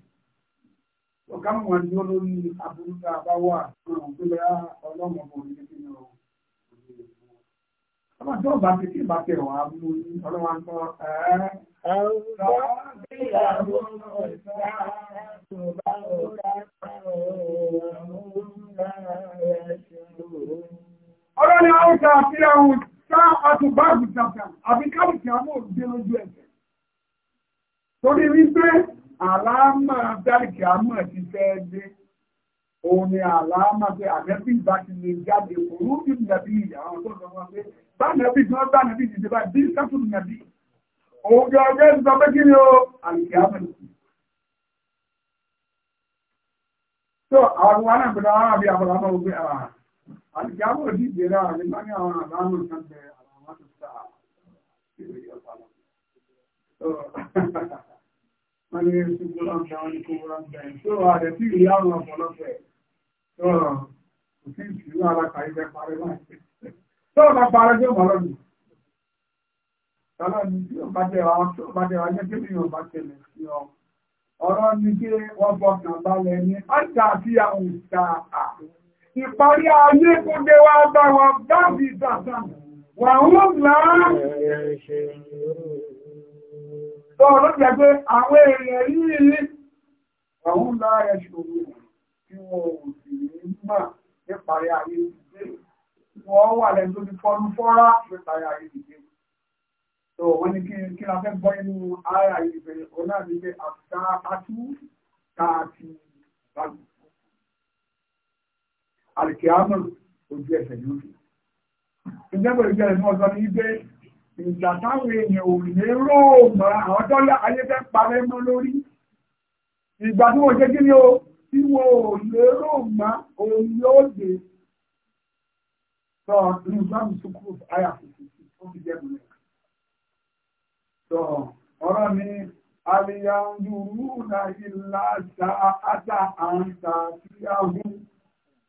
[SPEAKER 1] ọ̀gá mọ̀ ní olórí aburú tá a bá wà ọ̀rọ̀ tó bẹ́ ọlọ́mọ bọ̀ ní ọmọ tó bá ti kí bá tẹ̀ wá mú ní ọlọ́wà ń tọ́ ẹ̀ẹ́ ọ̀rọ̀ àwọn ọ̀tà àti àwọn tá àtùbáàbù jàpá àbíkábù tí a lójú ẹ̀sẹ̀ torí wípé àlámà dáríkì àmọ́ ti fẹ́ dé òun ni àlámà pé ànẹ́bí ìbá ti lè jáde òru bí nàbí àwọn tó sọ wọn pé bá nàbí tí wọ́n bá nàbí ti débà bí sátú nàbí òun jọ ọjọ́ ń sọ pé kí ni ó àlùkì àmọ́ ìsìn. tó àwọn ọmọ náà gbọdọ̀ àwọn àbí àwọn ọmọ ogun ẹ̀rọ àlùkì àmọ́ òdì ìgbéra àti má ní àwọn àlámà kan bẹ àwọn ọmọ tó [laughs] wọ́n ní ṣùgbọ́n láti àwọn ikú wọ́n bẹ̀rẹ̀ tó wà rẹ̀ tí ìyá àwọn ọ̀pọ̀lọpọ̀ ẹ̀ tọ́rọ̀ kò sí ìṣìlú alákàáyí fẹ́ parẹ́ láti tọ́rọ̀ bá parẹ́ tí ó mọ̀ lọ́dún tọ́lọ́ ni tí ó bá jẹ́ àwọn tó bá jẹ́ àwọn jẹ́ kébì yóò bá tẹ̀lẹ̀ sí ọ ọ̀rọ̀ ni pé wọ́n bọ̀ kàn balẹ̀ ní ọjà àti àwọn ìparí ayé kò dé wá bá wọn bá mi dàtà wà ń lọ́ tó ló jẹ́ pé àwọn èèyàn yìí àwọn láàrẹ ṣòro tí wọn ò sì ní mà níparí ayé ìdíje wọn wà lẹ́nu tó ti fọnú fọ́rá níparí ayé ìdíje tó wọn ní kí kí la fẹ́ gbọ́ inú ara ìbẹ̀rẹ̀ kan náà ní pé àtúntà atú tá a ti bàgbọ́ àlìkè àmọ́ ojú ẹsẹ̀ lórí ìjẹ́pọ̀ ìjẹ́ ìmọ̀ ọ̀sán ní ibẹ̀ ìjà táwọn èèyàn ò ní róòmù àwọn dọ́là ayé fẹ́ parẹ́ mọ́ lórí ìgbà tí wọ́n jẹ́ kí ni o tí wọ́n ò lè róòmù òun yóò dé sọ sukuru àyà fòfò tó fi jẹ́ mọ́lẹ̀ sọ ọ̀rọ̀ ni aliyanjuru na ilà sa ata àǹtà sí ahun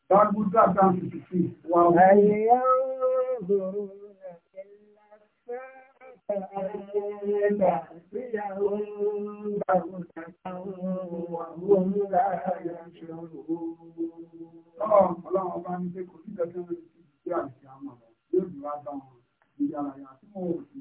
[SPEAKER 1] dágúdà dáhùn fífi wà wọ́n. Ọlọ́run ọba ní pé kò sí ìdájọ́ lórí ti ìgbé àti àmọ̀ yóò dùn wá bá wọn. Ìyá àyà tí mo sì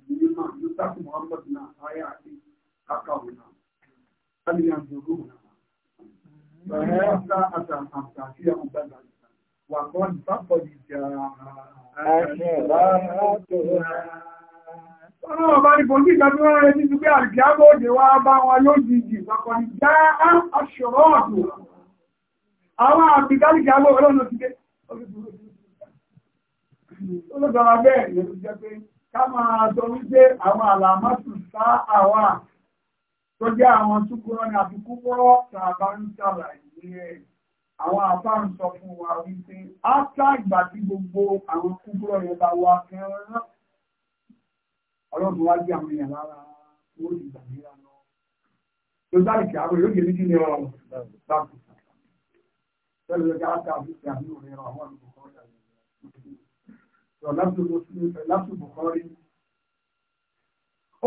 [SPEAKER 1] Ọlọ́run ọba ní bòjú ìjọba wọn rẹ̀ nínú pé àrìkíábò òde wá bá wọn lójijì pàpọ̀ ní já aṣọ̀rọ̀ ọ̀dọ̀. Àwọn àbíkálìkíábò ọlọ́run ti dé. Olóògbàrà bẹ́ẹ̀ lè fi jẹ́ pé ká máa sọ wípé àwọn àlàmásù sá àwà tó jẹ́ àwọn túkúrọ́ ní àfikún pọ́rọ́ tàbá ń ṣàlàyé ẹ̀.
[SPEAKER 2] Àwọn àbá ń
[SPEAKER 1] sọ fún wa wípé áfíà ìgbà tí gbogbo àwọn kúkúrọ́ yẹn bá wà fẹ́ràn ọlọ́run wá gbé àwọn èèyàn lára ó ti gbà mí lánà tó dáì kí àwọn yóò yẹ ní kí ni ọ bá kù pẹ̀lú ẹgbẹ́ àgbà òun ẹ̀rọ àwọn olùkọ́ ọ̀dà ìrìn lásìkò kọ́rí.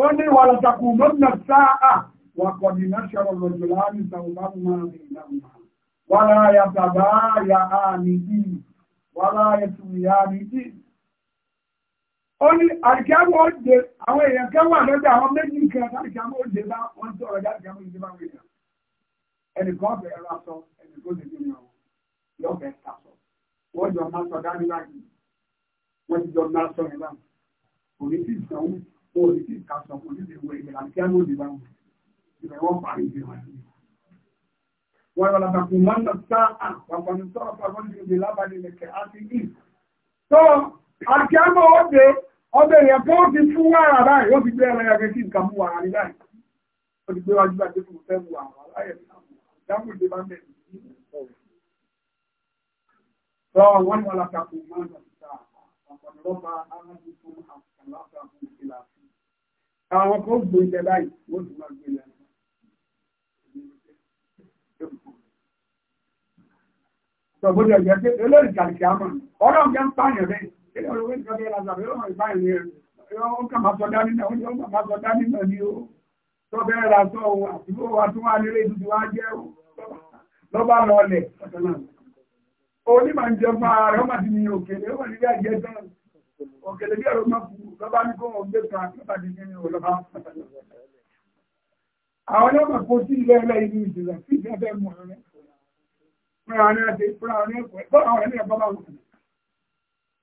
[SPEAKER 1] ó ní wà lọ́tàkù lọ́nà sáà wà kọ̀ ní náṣọ̀rọ̀ lọ́jọ́ láàrin ìtàwọn bá mú máa rìn náà wàrà yàtàbá yà á nìyí wàrà yàtùmí yà á nìyí ó ní àríkẹ́wọ̀ òde àwọn èèyàn kẹwà lọ́jọ́ àwọn méjì nǹkan àríkẹ́wọ̀ òde bá wọ́n tó ọ̀rọ̀ jáde àwọn ìdíbà wọn èèyàn ẹnìkan ọ̀bẹ̀ ẹ̀rọ aṣọ ẹnìkan òde nínú àwọn yọ̀ọ̀bẹ̀ aṣọ wọ́n jọ máa sọ dání láàyè wọ́n ti jọ máa sọ yẹn báyìí kò ní sí ìsanwó kò ní sí ìkàsọ kò ní sí ìwé ìgbẹ̀rẹ̀ àríkẹ́wọ̀ òde bá wọn ìbẹ̀ wọ́n parí ìdí wọn wọ́n yọ̀ làbàkùn mọ́nà sáà wàkọ̀ni sọ́ọ̀ ọbẹ̀ yẹn kó ti fún wàrà báyìí ó ti gbé ẹran yàgbé kí nǹkan mú wàrà ní báyìí ó ti gbé wájú bá dé fún fẹ́ mú wàrà láyẹ̀ dáhùn ìdè bá mẹ́rin ní ìlú sọ wọ́n ní ọlọ́ta kò máa ń lọ́ta ọ̀pọ̀lọpọ̀ lọ́ba aláàbò fún àkàlàfà fún ìlà fún àwọn kan gbé ilẹ̀ báyìí wọ́n ti máa gbé ilẹ̀ sọ pé olórí kàlìkì àmọ́ ọ̀rọ̀ ọ̀gá ń pààyàn bẹ́ẹ̀. Tọ́bẹ̀ ra sọ ohun àtúgbò wa tún wá nílé ìdúdú wá jẹ́ ohun lọ́bá lọ́ọ̀lẹ̀ ọ̀tọ̀nà. Onímọ̀ ìjọba rẹ̀ ọmọ ti ní òkèlè, ó wà nílé àjẹ́ tán. Òkèlè bí ẹ̀rọ máa fún lọ́bá ní kó wọ́n gbé kan lọ́bá ti ní ọlọ́bá ọ̀tọ̀nà. Àwọn ọlọ́mọ̀ kó sí ilé ẹlẹ́ ìlú ìjìnlẹ̀ sí ìjọba ẹ̀mọ̀ rẹ̀. Fúnra ní ẹ̀kọ́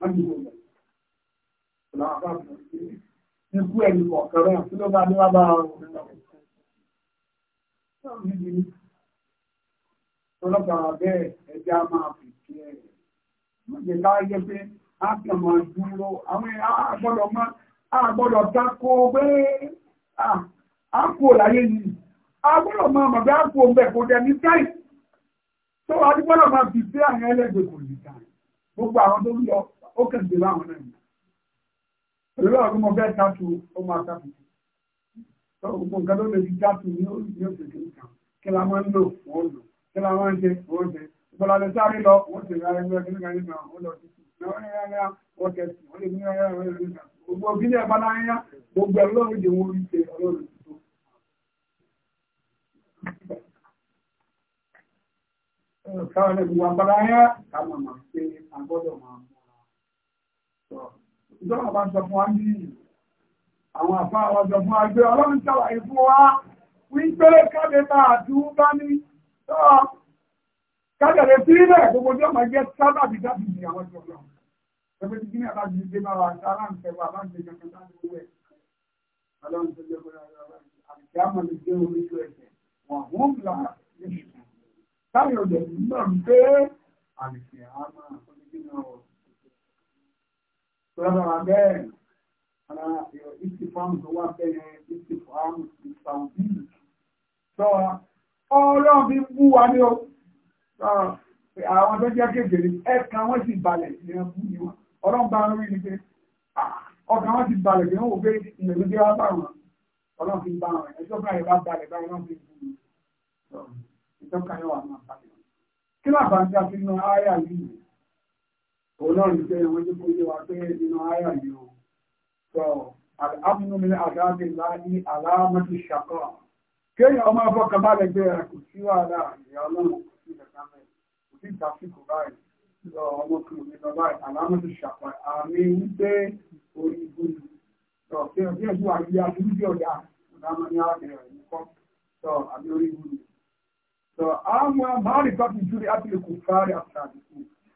[SPEAKER 1] Ikú ẹni kọ̀ọ̀kan rẹ̀ tí ló bá ní wá bá ọ̀rọ̀. Ọlọ́pàá bẹ́ẹ̀ ẹja máa fi kí ẹ̀. a kàn máa dúró, àwọn àgbọ́dọ̀ máa, àgbọ́dọ̀ tako pé a a kú òun bẹ̀ kò dẹ̀ ní táì. Tó adúgbọ́dọ̀ máa fi sí àwọn ẹlẹ́gbẹ̀ẹ́ kò ní táì. Gbogbo ó kàn dé láwọn náà nìyà pẹ̀lú àwọn ọmọ bẹ́ẹ̀ tààtù ó máa tààtù tó gbogbo nǹkan tó lè fi tààtù ní oṣù tó kàn kí la máa ń lò wọ́n lò kí la máa ń ṣe wọ́n ṣe ìbọ̀lá lè sáré lọ wọ́n ṣe ìrìn àyẹ̀wò ẹgbẹ́ nígbà nígbà wọ́n lọ sí gbogbo ìbílẹ̀ ìbánáyá gbogbo ẹ̀ lọ́rùn ìdè wọn orí ṣe ọlọ́run tó káwọn ẹgbùn àbáláyá ká màmá pé àgbọ́dọ̀ máa ìjọba bá ń sọ fún wa ní àwọn àfá àwọn sọ fún wa gbé ọlọ́run ṣàlàyé fún wa wípẹ́rẹ́ káde máa dúró bá ní tọ́ kájàre sílẹ̀ gbogbo tí ọmọ jẹ́ sábàbí dábì ní àwọn ìjọ náà ẹgbẹ́ tí kíní àbájú ní gbéra wa ta aláǹfẹ́ wa aláǹfẹ́ kankan láti owó ẹ̀ ọlọ́run tó jẹ́ pé àbíkí àmọ́ lè jẹ́ orí Lọ́dọ̀ra bẹ́ẹ̀ ara ìsìfàmù eh, tó wà bẹ́ẹ̀ ìsìfàmù ìsàmù bíi. Sọ ọlọ́run fi bú wa ní o. Àwọn tó jẹ́ kékeré ẹ̀ka wọ́n sì balẹ̀ ní ẹ̀kú ni wọn. Ọlọ́run bá ń rí ni pé ah, ọkàn wọn ti balẹ̀ pé wọ́n wò pé ìrẹ̀lú dé wá bá wọn. Ọlọ́run fi bá wọn ẹjọ́ kan yẹn bá balẹ̀ báyìí wọ́n fi bú mi. Ìjọ́ kan yẹn wà máa balẹ̀. Kí láǹfààní a fi nu ááyà yìí? Ọlọ́run jẹ́ wọ́n tó kúrò wà pé nínú ayà yóò. Sọ, àbúnúmi àdámi láàrín aláàmọ́tí ṣàkọ́. Kéèyàn ọmọ afọ́kà bá lẹ gbé ẹ̀rọ kò sí wà láàrin ọlọ́run kò sí ìdẹ̀ká mẹ́. Kò sí ìtàsíkò báyìí. Lọ ọmọkùnrin mi lọ báyìí, aláàmọ́tí ṣàkọ́. Àmì wípé orí ìgbóni. Sọ, kéèyàn bí ẹ̀sùn àyè àdúgbò ọ̀dà, ọ̀dàmọ́ ní àgbẹ̀rẹ̀ nìkan. Sọ, àbí orí ìgbóni. Sọ, àwọn bá rí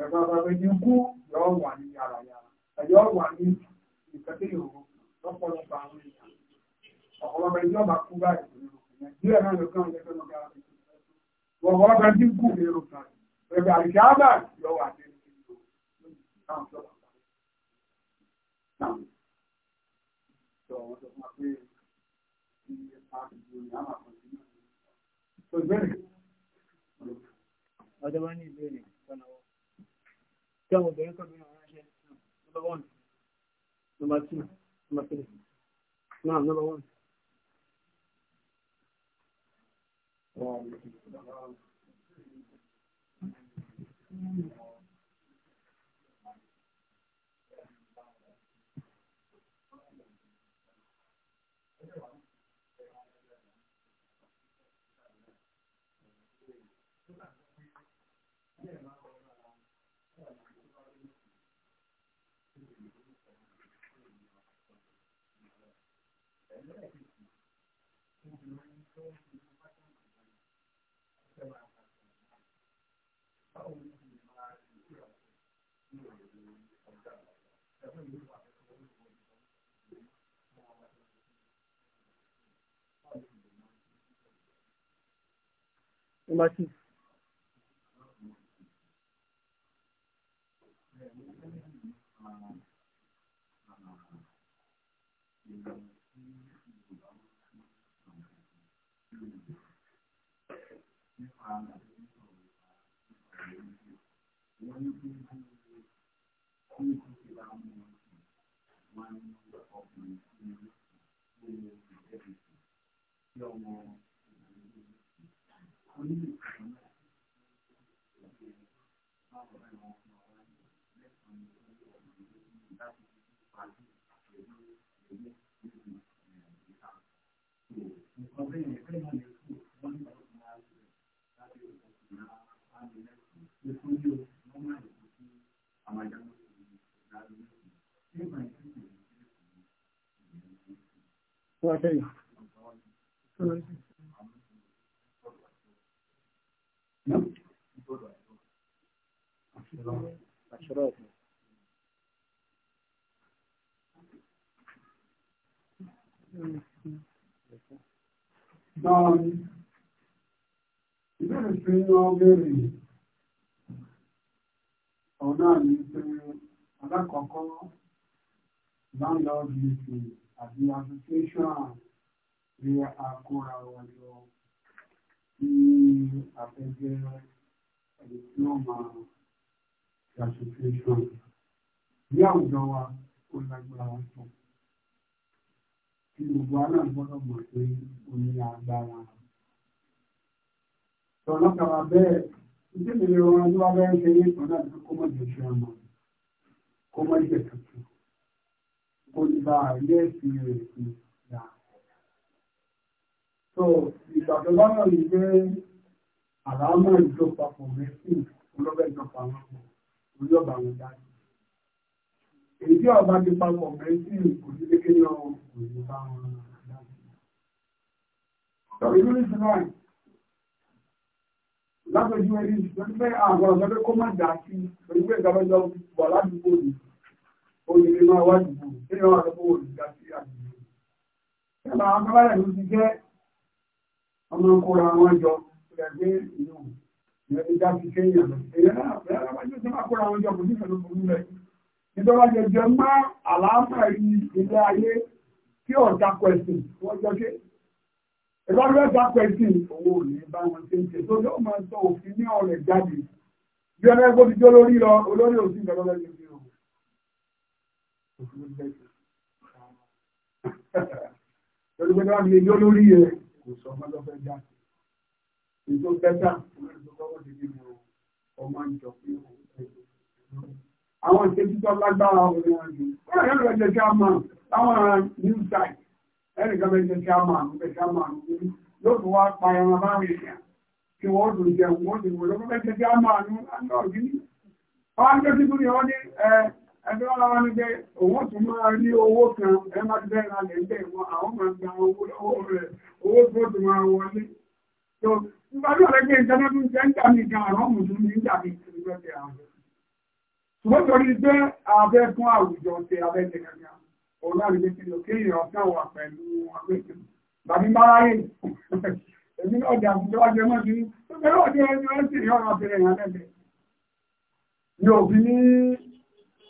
[SPEAKER 1] ẹ̀fọ́ àbábẹ́jì kú yọ wà ní yàrá yàrá ẹ̀yọ́ wà ní ìkẹ́kẹ́ ìhòòhò lọ́pọ̀lọpọ̀ àwọn èèyàn ọ̀pọ̀lọpọ̀ ẹjọ́ bá kú báyìí nàìjíríà náà ló kàn lẹ́fẹ́ lọ́gá ọ̀pọ̀lọpọ̀ àbábẹ́jì kú èrò kan ẹ̀fọ́ àbíkáàbà yọ wà ní Ọjọ́ bá ní ìbéèrè. tí number one number two number three náà number one. Um, Number Thank you. Okay. Ìbéèrè tí wọ́n béèrè ọ̀nà ní pé alákọ̀ọ́kọ́ landlord meeting àti association ní àkóra wọn lọ tí a fẹ́ jẹ́ ẹni tí wọ́n máa ṣàṣìṣe bí àwùjọ wa ó lágbára tó tí gbogbo aláà gbọ́dọ̀ mọ̀ pé ó ní agbára. Tọ̀lọ́kàwà bẹ́ẹ̀ ìdí mi lọ wọn tó bá bẹ́ẹ̀ ṣe ní ìtọ́lá tó kó mọ̀ jẹ́ ṣe ọmọ kó mọ̀ jẹ́ tuntun kó ní bá ilé ẹ̀sìn rẹ̀ sí i so ìgbàjọba náà ní pé àlámọ̀ ìjọba kò mẹ́sìn olóbẹ̀ ìjọba wọn kò lórí ọ̀bà wọn dájú èyí tí ọba ti papọ̀ mẹ́sìn kò ní pé kéde ọ̀hún kò ní bá wọn dájú. sọ̀rọ̀ ìlú ní sinai lápẹjú ẹni lórí pé àwọn ọ̀sán kó má dà sí lórí pé ìgbàlódé wà ládùúgbò ní olùdí máa wá dùgbò kéèyàn àdúgbò olùdí dá sí àdúgbò. ìgbà àwọn akọ́lá ọmọ ń kóra wọn jọ ìgbàgbé ìlú ìrẹ̀lẹ̀ dábí kéèyàn èèyàn náà bẹ́ẹ̀ lọ́wọ́jú tó máa kóra wọn jọ kò ní ìfẹ́ ló burú rẹ̀ nítorí jẹjẹ má àlàáfà rí ilé ayé kí ọ̀dà pẹ̀sìn wọ́n jọ ké ìrọ̀lẹ́ ọ̀dà pẹ̀sìn owó ò ní bá wọn ṣe ń ṣe tó yóò máa sọ òfin ní ọ̀rẹ́ jáde bí ọ̀rẹ́ kó ti jó lórí lọ olórí òsín ìgbàlọ́lẹ́ yóò fi hàn òfin ló jẹ́ kò sọ ọmọ lọ́fẹ́ jáde ìjọ bẹ́tà ọmọ ìjọ pé àwọn ìṣẹ́jú tó lágbára orí wọn jù wọ́n rẹ̀ lọ́wọ́ jẹ́ chairman láwọn new site ẹnì kan bẹ́ẹ̀ jẹ́ chairman bẹ́ẹ̀ chairman yóò tún wá pa ẹran láwọn èèyàn kí wọ́n dùn jẹun wọ́n dùn wọ́n lọ́wọ́ bẹ́ẹ̀ jẹ́ chairman ní ọ̀gbìn. àwọn akẹ́kọ̀ọ́ ni wọ́n ní ẹgbẹ́ wọn wọn ní pé òun tún máa rí owó kan ẹ má ti bẹ́ẹ̀ lálẹ́ ń bẹ̀ wọn àwọn máa gba owó lọ́wọ́ rẹ̀ owó tó tún máa wọlé. tó nígbà tí wọn gbé ìjọba tó ń jẹ́ ń jà mí gan àwọn mùsùlùmí ń jà mí ìgbẹ́ tẹ àwọn. ṣùgbọ́n torí pé abẹ́ fún àwùjọ ṣe abẹ́ tẹ kankan òun láti lè fi lòkè ìyàn kan wà pẹ̀lú àgbẹ̀ ìjọba. bàbí báráyè èmi náà dà bí wọ́n jẹ mọ́ sí ní ọjọ́ ẹni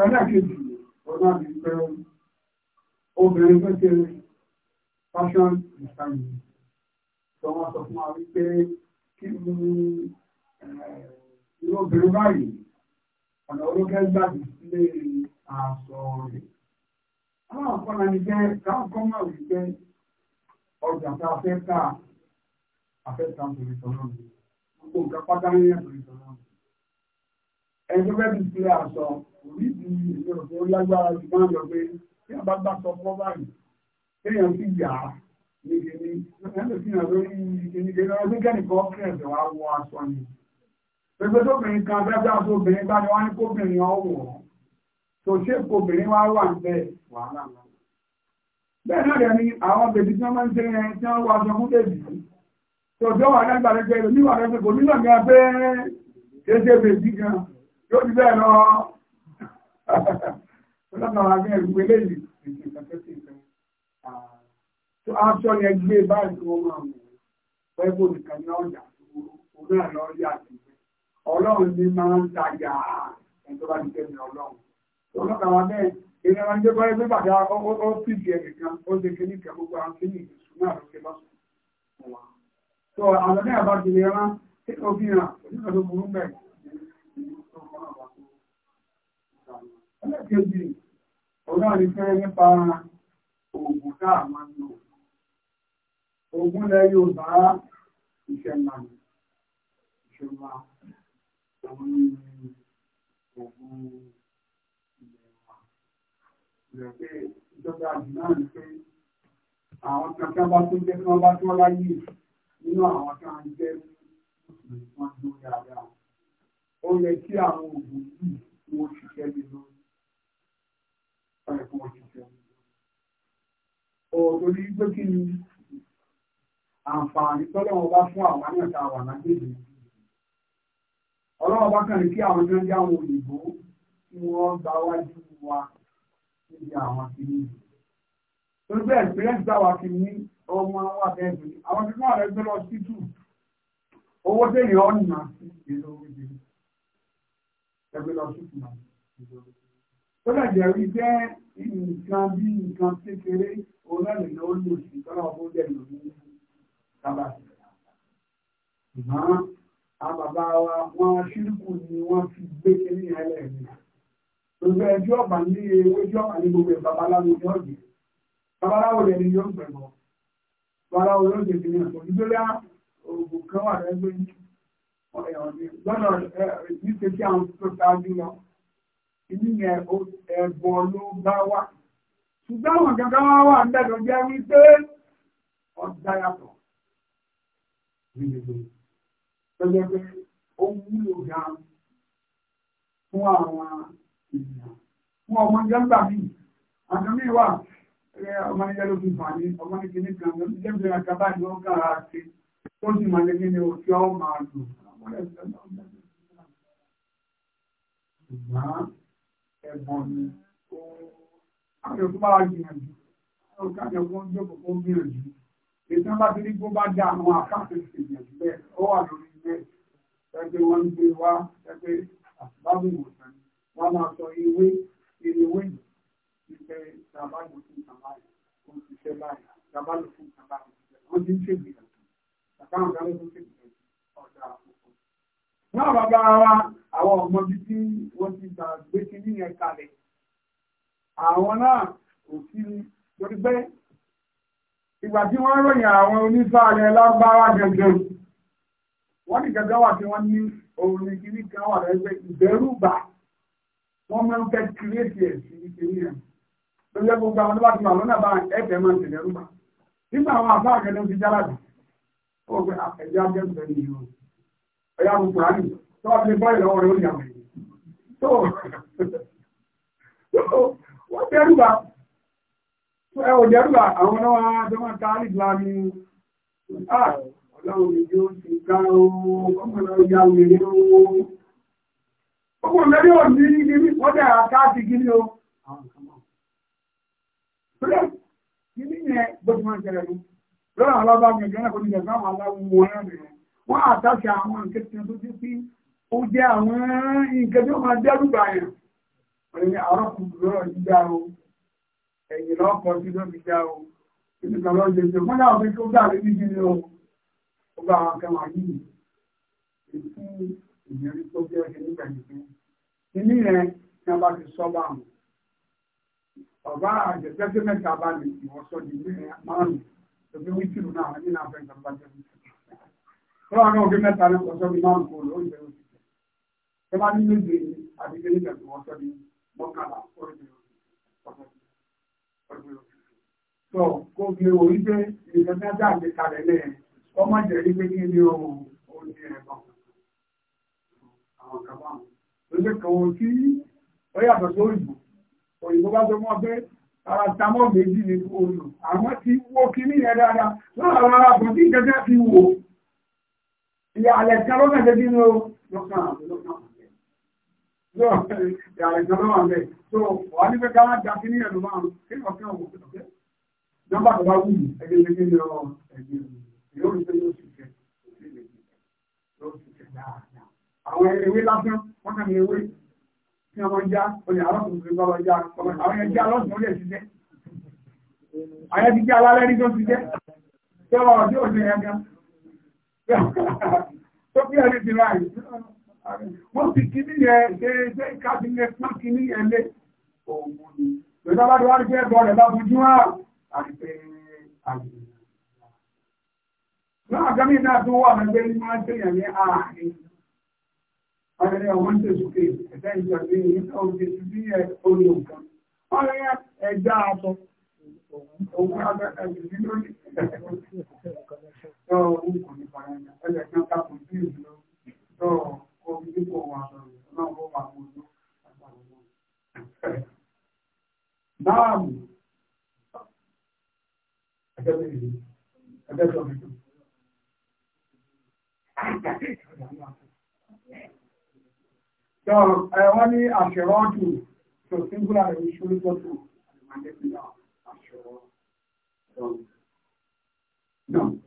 [SPEAKER 1] Ẹlẹ́kejì, ọ̀nà ìpẹ́ obìnrin tó ṣe fashion design. Tọ́wọ́ sọ fún wa wípé kí ni irú obìnrin báyìí, ọ̀nà olókẹ́ gbàdì sílé aṣọ rẹ̀. Àwọn àkọ́nà ni jẹ́ káàkọ́ máa wípé ọjà tá a fẹ́ ká afẹ́ta nítorí tọ́lọ́ mi. Gbogbo nǹkan pátá ní ẹ̀sìn ìtọ́lọ́ mi. Ẹni tó fẹ́ sílé aṣọ oríṣìí ìrọ̀fẹ́ ó lágbára ju máa lọ pé kí wọ́n bá gbà sọ fọ́ báyìí kéèyàn sì yà á nìkíní ẹ̀ẹ́dẹ̀ sí ìrìn lórí nìkíní lọ́wọ́ pé kẹ́nìkan kẹ̀ẹ̀dẹ̀ wá wọ aṣọ ni pẹ̀pẹ́ tóbìnrin kan fẹ́ bí aṣọ obìnrin bá ní wọ́n ní kóbìnrin ọ̀wọ̀ tó ṣe kóbìnrin wá wà ń bẹ́ẹ̀ wàhálà náà bẹ́ẹ̀ náà rẹ̀ ni àwọn bèbí tí wọ́n máa ń ṣe yẹn tí wọ́n wọ aṣọ fún bèbí tó jọ wà lẹ́gbà lẹ́gbẹ̀ẹ́ níwà lẹ́gbẹ̀ẹ́ kò nígbà pátápátá ọlọ́pàá wa bẹ́ẹ̀ gbé lẹ́yìn ètò ìtàkẹ́sì ìtàn tó aṣọ yẹn gbé báyìí tó máa mú pẹ́ẹ́bù nìkan ní ọjà òun náà lọ rí àtìgbẹ́ ọlọ́run ní máa ń tajà ẹni tó bá ti tẹ̀lé ọlọ́run ọlọ́pàá wa bẹ́ẹ̀ èèyàn máa ń jẹ́ báyìí pé bàtà ó fìdí ẹnìkan ó ṣe kíní kan gbogbo àwọn kíní ìṣúná àlọ́ṣe lọ́sùn fún wa. tó àwọn náà bá Ẹlẹ́kejì, ọ̀rọ̀ àrífẹ́ nípa oògùn táà máa ń lò. Oògùn lẹ yóò bá ìṣẹ̀mà ìṣẹ̀mà òun ni oògùn ilẹ̀ wa. Ìrẹ̀ pé ìjọba àjùmá ní pé àwọn kankan bá tún jẹ́ kí wọ́n bá tún wọ́n láyé nínú àwọn kan jẹ́ mùsùlùmí wọn tó dáadáa. Ó yẹ kí àwọn oògùn yìí wọ́n ṣiṣẹ́ nínú kalẹ̀ fún pé kí ni àǹfààní tọ́lọ́ wọn fún àwọn náà wà lágbègbè. Ọlọ́run bá kí àwọn tó ń àwọn òyìnbó kí wọ́n gba wájú wa níbi àwọn wa ní ọmọ wa bẹ́ẹ̀ Àwọn tí wọ́n tọ́lá jẹ́ rí jẹ́ nǹkan bí nǹkan kékeré òun náà lè lọ́wọ́ ní oṣù tọ́lá ọ̀bọ̀ jẹ́ lòdì ní sábà sí ṣùgbọ́n àwọn bàbá wa wọn ṣírùkù ni wọ́n fi gbé kiri ẹlẹ́ mi gbogbo ẹjọ́ ọ̀bà ní ewé ẹjọ́ ọ̀bà ní gbogbo babaláwo ní ọ̀gbìn babaláwo rẹ̀ ni yóò gbẹ̀gbọ́ babaláwo yóò gbẹ̀gbẹ̀ ní ọ̀gbìn nítorí oògùn kan wà lẹ́gbẹ̀ẹ́ lọ́dọ̀ ní ṣe kí àwọn tó ṣáájú lọ inú yẹn ẹ̀bọ̀ ló bá wà ṣùgbọ́n àwọn kankan wá wà nígbàdàn jẹ́ wípé ọ̀dà yàtọ̀ nílùú lọ́jọ́ pé ó wúlò gan fún àwọn ènìyàn fún ọmọ jẹ́gbà mi àtàmì wà ọmọ nígbà ló fi fà ní ọmọ nígbà ní kan ló jẹ́ bí akaba ni ó kára ṣe tó sì máa lé nínú òkè ọmọ àlù ṣùgbọ́n ẹ̀bọ̀n ni àwọn èèyàn tó bá wà gbìyànjú àwọn káàkiri ọgbọ́n jókòó kó gbìyànjú ètò bá ti rí gbó bá dá àwọn àkáàtì ìgbìyànjú bẹ́ẹ̀ ó wà lórí ilé ẹgbẹ́ wọn ń gbé wá ẹgbẹ́ àbábò ìwòsàn wọn máa sọ ewé ewé ìfẹ́ ìtàbálò fún ìtàbálò fún ìṣẹ́ báyìí ìtàbálò fún ìtàbálò wọ́n ti ń ṣègbìyànjú àtàwọn kan ló ń náà bàbá wa àwọn ọmọ títí wọ́n ti gbà gbé sí ní yẹn kalẹ̀ àwọn náà kò sí torí pé ìgbà tí wọ́n ròyìn àwọn onísàárẹ̀ lágbára gẹ̀gẹ̀ wọ́n ní gẹ̀gẹ̀ wà tí wọ́n ní òun ní kíní kan wà lẹ́gbẹ́ ìbẹ̀rùbà wọ́n máa ń fẹ́ kírètì ẹ̀ sí kíní yẹn lórí ẹgbẹ́ gbogbo àwọn tó bá ti bá ẹ̀fẹ̀ máa tẹ̀lé rúbà nígbà àwọn àbá ti jára ó gbé àfẹ́já ẹ̀yà mú kùránì tó wá fi bọ́ ìlọ́wọ́ rẹ̀ ó ní àmì tó [laughs] wọ́n dẹ́rùbà ẹ ò dẹ́rùbà àwọn náà tó máa ta ní ìlànà ọlọ́run ni yóò ti ga ọmọ náà ya wèrè ó ọmọ mẹ́rin ò ní ní wọ́n dẹ̀ àkáàtì gíní o Gíní yẹn bó ti máa ń ṣẹlẹ̀ lọ́wọ́ àwọn alábàámi ẹ̀gbẹ́ náà kò ní ẹ̀gbẹ́ àwọn aláwọ̀ wọn náà wọ́n àtàṣe àwọn nǹkan tí wọ́n ti fi ó jẹ́ àwọn nǹkan tí wọ́n máa dẹ́rù báyàn wọ́n ní àrọ́kùnrin lọ́rọ̀ jíjá o ẹ̀yìn lọ́kọ̀ tí ló fi já o ìdíkà lọ́jọ́ wọ́n náà fi tó gbà lórí jíjẹ o ó bá àwọn kan wà mẹ́ta bá lè wọ́n sọ di márùn-ún tó fi wí tìrù náà nínú àfẹ́ ìjọba jẹ́ mi. Tọ́lá náà gbé mẹ́ta ní ọ̀sọ́ bí máa ń kó lórí ìbẹ̀rù ìṣẹ̀. Ṣé bá ní méje àti ilé ìjẹ̀ tó ọ̀sọ́ bí mọ́kànlá orí ìbẹ̀rù ìṣẹ̀. Sọ kó fi orí pé ìṣẹ́ tí wọ́n dá àgbé kalẹ̀ lẹ̀ ọmọ jẹ̀rí pé kí ni o ò ní ẹ̀kọ́. Àwọn kàbá lóṣè kan ò sí ó yàtọ̀ sí òyìnbó. Òyìnbó bá tó mọ́ pé ara tamọ́ méjì ni olù. Àwọn ti wo kíní ìyá àlẹ̀kẹ́ ló mẹ́sẹ̀ bí ló lọ́kàn àbí lọ́kàn àbẹ̀. ìyá àlẹ̀kẹ́ ló wà bẹ́ẹ̀ tó wà ní pé ká má jà sí ní ẹ̀lú márùn kí ọ̀kẹ́ òwò kẹ́ nọ́mbà tó bá wù mí ẹgbẹ́ ẹgbẹ́ ní ọ ẹgbẹ́ ìyá olùfẹ́ yóò sì fẹ́ yóò sì fẹ́ dáadáa. àwọn ewé lásán wọ́n kàn ní ewé tí wọ́n máa ń já olè alọ́kùnrin bá wọn já àwọn yẹn já alọ́sùn olè ti jẹ́ àyẹ̀ ti já alálẹ́ rí tó ti jẹ́ tó tó bí ẹni ti ráì wọ́n ti kí ní ẹ̀ ṣe ṣe kábínẹ̀ fún kí ní ẹ̀ lé òun ni lọ́dọ̀ bá dọ́wọ́ jẹ́ bọ́ rẹ̀ bá fojú wá àti àgbè náà gámì náà tó wà lẹ́gbẹ́ ní máa ń tẹ̀yàn ní àárín ọ̀rẹ́ ọmọ ń tẹ̀sùkè ẹ̀dá ìjọba ní ọ̀gbẹ̀sì bí ẹ̀ orí òkan ọ̀rẹ́ ẹ̀dá aṣọ òun agbára ìlú lórí tó òun kò ní padà ní ẹlẹ́ tó kápò sí ìlú lọ tó omi dípò wọn àtọ̀rọ̀ náà wọ́n wà mú lọ àtàwọn ọmọ. Báàmù ẹgbẹ́ mi ẹgbẹ́ tó mi tó. So, I want to assure you to singular and No.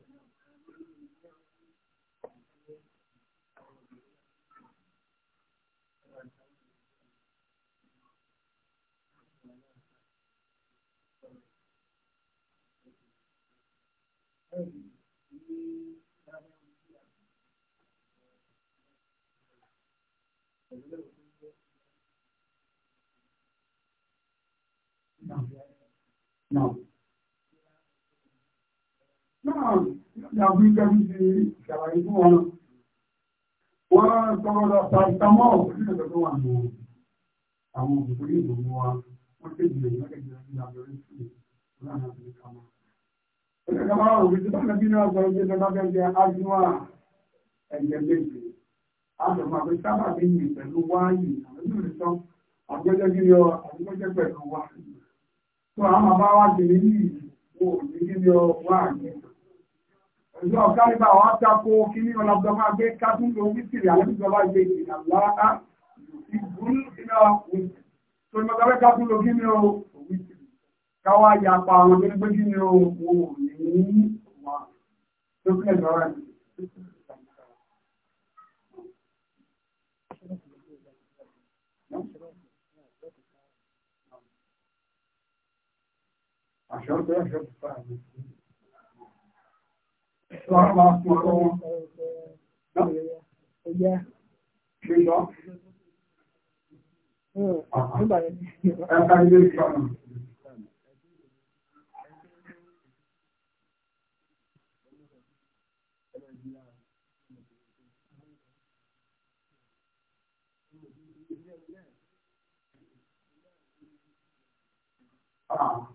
[SPEAKER 1] náà. Náà làwọn ìjọba ti ṣàlàyé fún wọn. Wọ́n tọrọ lọ paracetamol nínú ìjọba tó wà nù àwọn òṣèlú ìdòwò wa. Wọ́n kéde ìlú lọ́kẹ́jì lọ́kẹ́jì lábẹ́rẹ́ sí ìlànà àbíkà wọn. Ìjọba òbí tó bá lọ bí náà sọ̀rọ̀ ìjọba bẹ́ẹ̀ jẹ́ ájúwà ẹ̀jẹ̀ méje. A sọ ma pé sábà bí mi pẹ̀lú wáyé àwọn ìjọba àgbẹ̀jẹ̀ kí ni ọ àgbẹ̀jẹ̀ pẹ̀lú wáyé tó àwọn bàbá wá jèrè ní ìwò ìdílé ọwọ́ àgbẹ̀. Ẹ̀jọ́ ọ̀gáríbà wá tako kí ní ọ̀nà ọ̀dọ́gbà gbé kákún ló wí sílẹ̀ àlẹ́ ìjọba gbé ìlàlá ìgbún iná òun. Tó ní ọ̀gáríbà kákún ló kí ní o òwí sílẹ̀. Káwá pa àwọn tó ní kí ní o òun ní wà. Tó kí ẹ̀jọ̀ Àṣọ́ tó ẹ̀ṣọ́ ti fà mí. Lọ́rọ̀ máa fún ọ̀rọ̀ wọn. Ṣé lọ? Ẹ̀ka ilé ìfọ̀nà. Ah.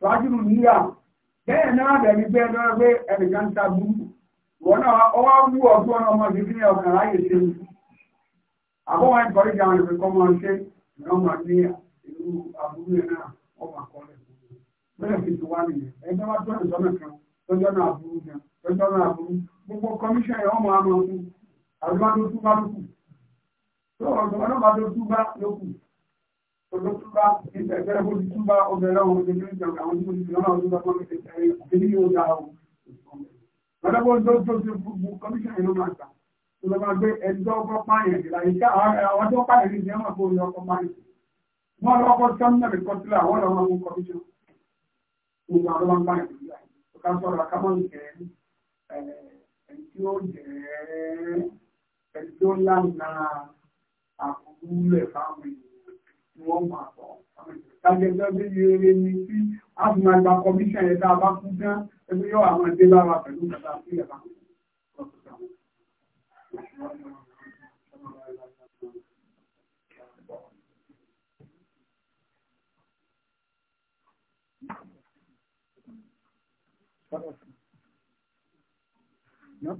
[SPEAKER 1] fàájúrù níyà bẹ́ẹ̀ náà bẹ̀rẹ̀ gbé ẹjọ́ pé ẹnìkan ta bú wọn náà ọwọ́ wú ọdún ọ̀nà ọmọ ìdíkí ní ọ̀kan láyé ṣe ń fún àbọ̀wọ̀ ìkọ̀rí ìjà ọmọ ṣe ìrọ̀mà ní ìlú àbúrú náà ọmọ àkọọ́lẹ̀ bẹ́ẹ̀ fi ti wá nìyẹn tó gbogbo kọmíṣọ̀n olótúbá ìfẹ̀fẹ́ olùtúbá obìnrin ọ̀hún ti ní ìjọba àwọn tí mo ti fi lọ́nà ọdún bá wọn ti tẹ̀lé ìdílé yóò dá o. lọ́dọ̀bọ̀ ọjọ́ tó ti gbogbo kọmíṣánná ló máa gbà tó lọ́ máa gbé ẹjọ́ ọkọ̀ pààyàn ìlà ìka àwọn tó pààyàn ní ìjẹun àpò ìlú ọkọ̀ pààyàn. wọ́n lọ ọkọ̀ sọ́mùnà lè kọsílẹ̀ àwọn ọ̀rọ̀ wọn kọmíṣánná. gbogbo àwọn ọlọ́mọ pààyàn ìlú ọ̀ká sọ̀rọ̀ àkámọ́ ìjẹ́ ẹni tí ó jẹ́ ẹni tí ó lánàá àkókò lẹ̀ fáwọn èèyàn wọ́n máa bọ̀. Kájẹ́jọ́ bí rere ni tí a fi máa gba a bá kú tán ẹgbẹ́ yóò àwọn ẹgbẹ́ bá pẹ̀lú kàtà sí ẹ̀ka. No?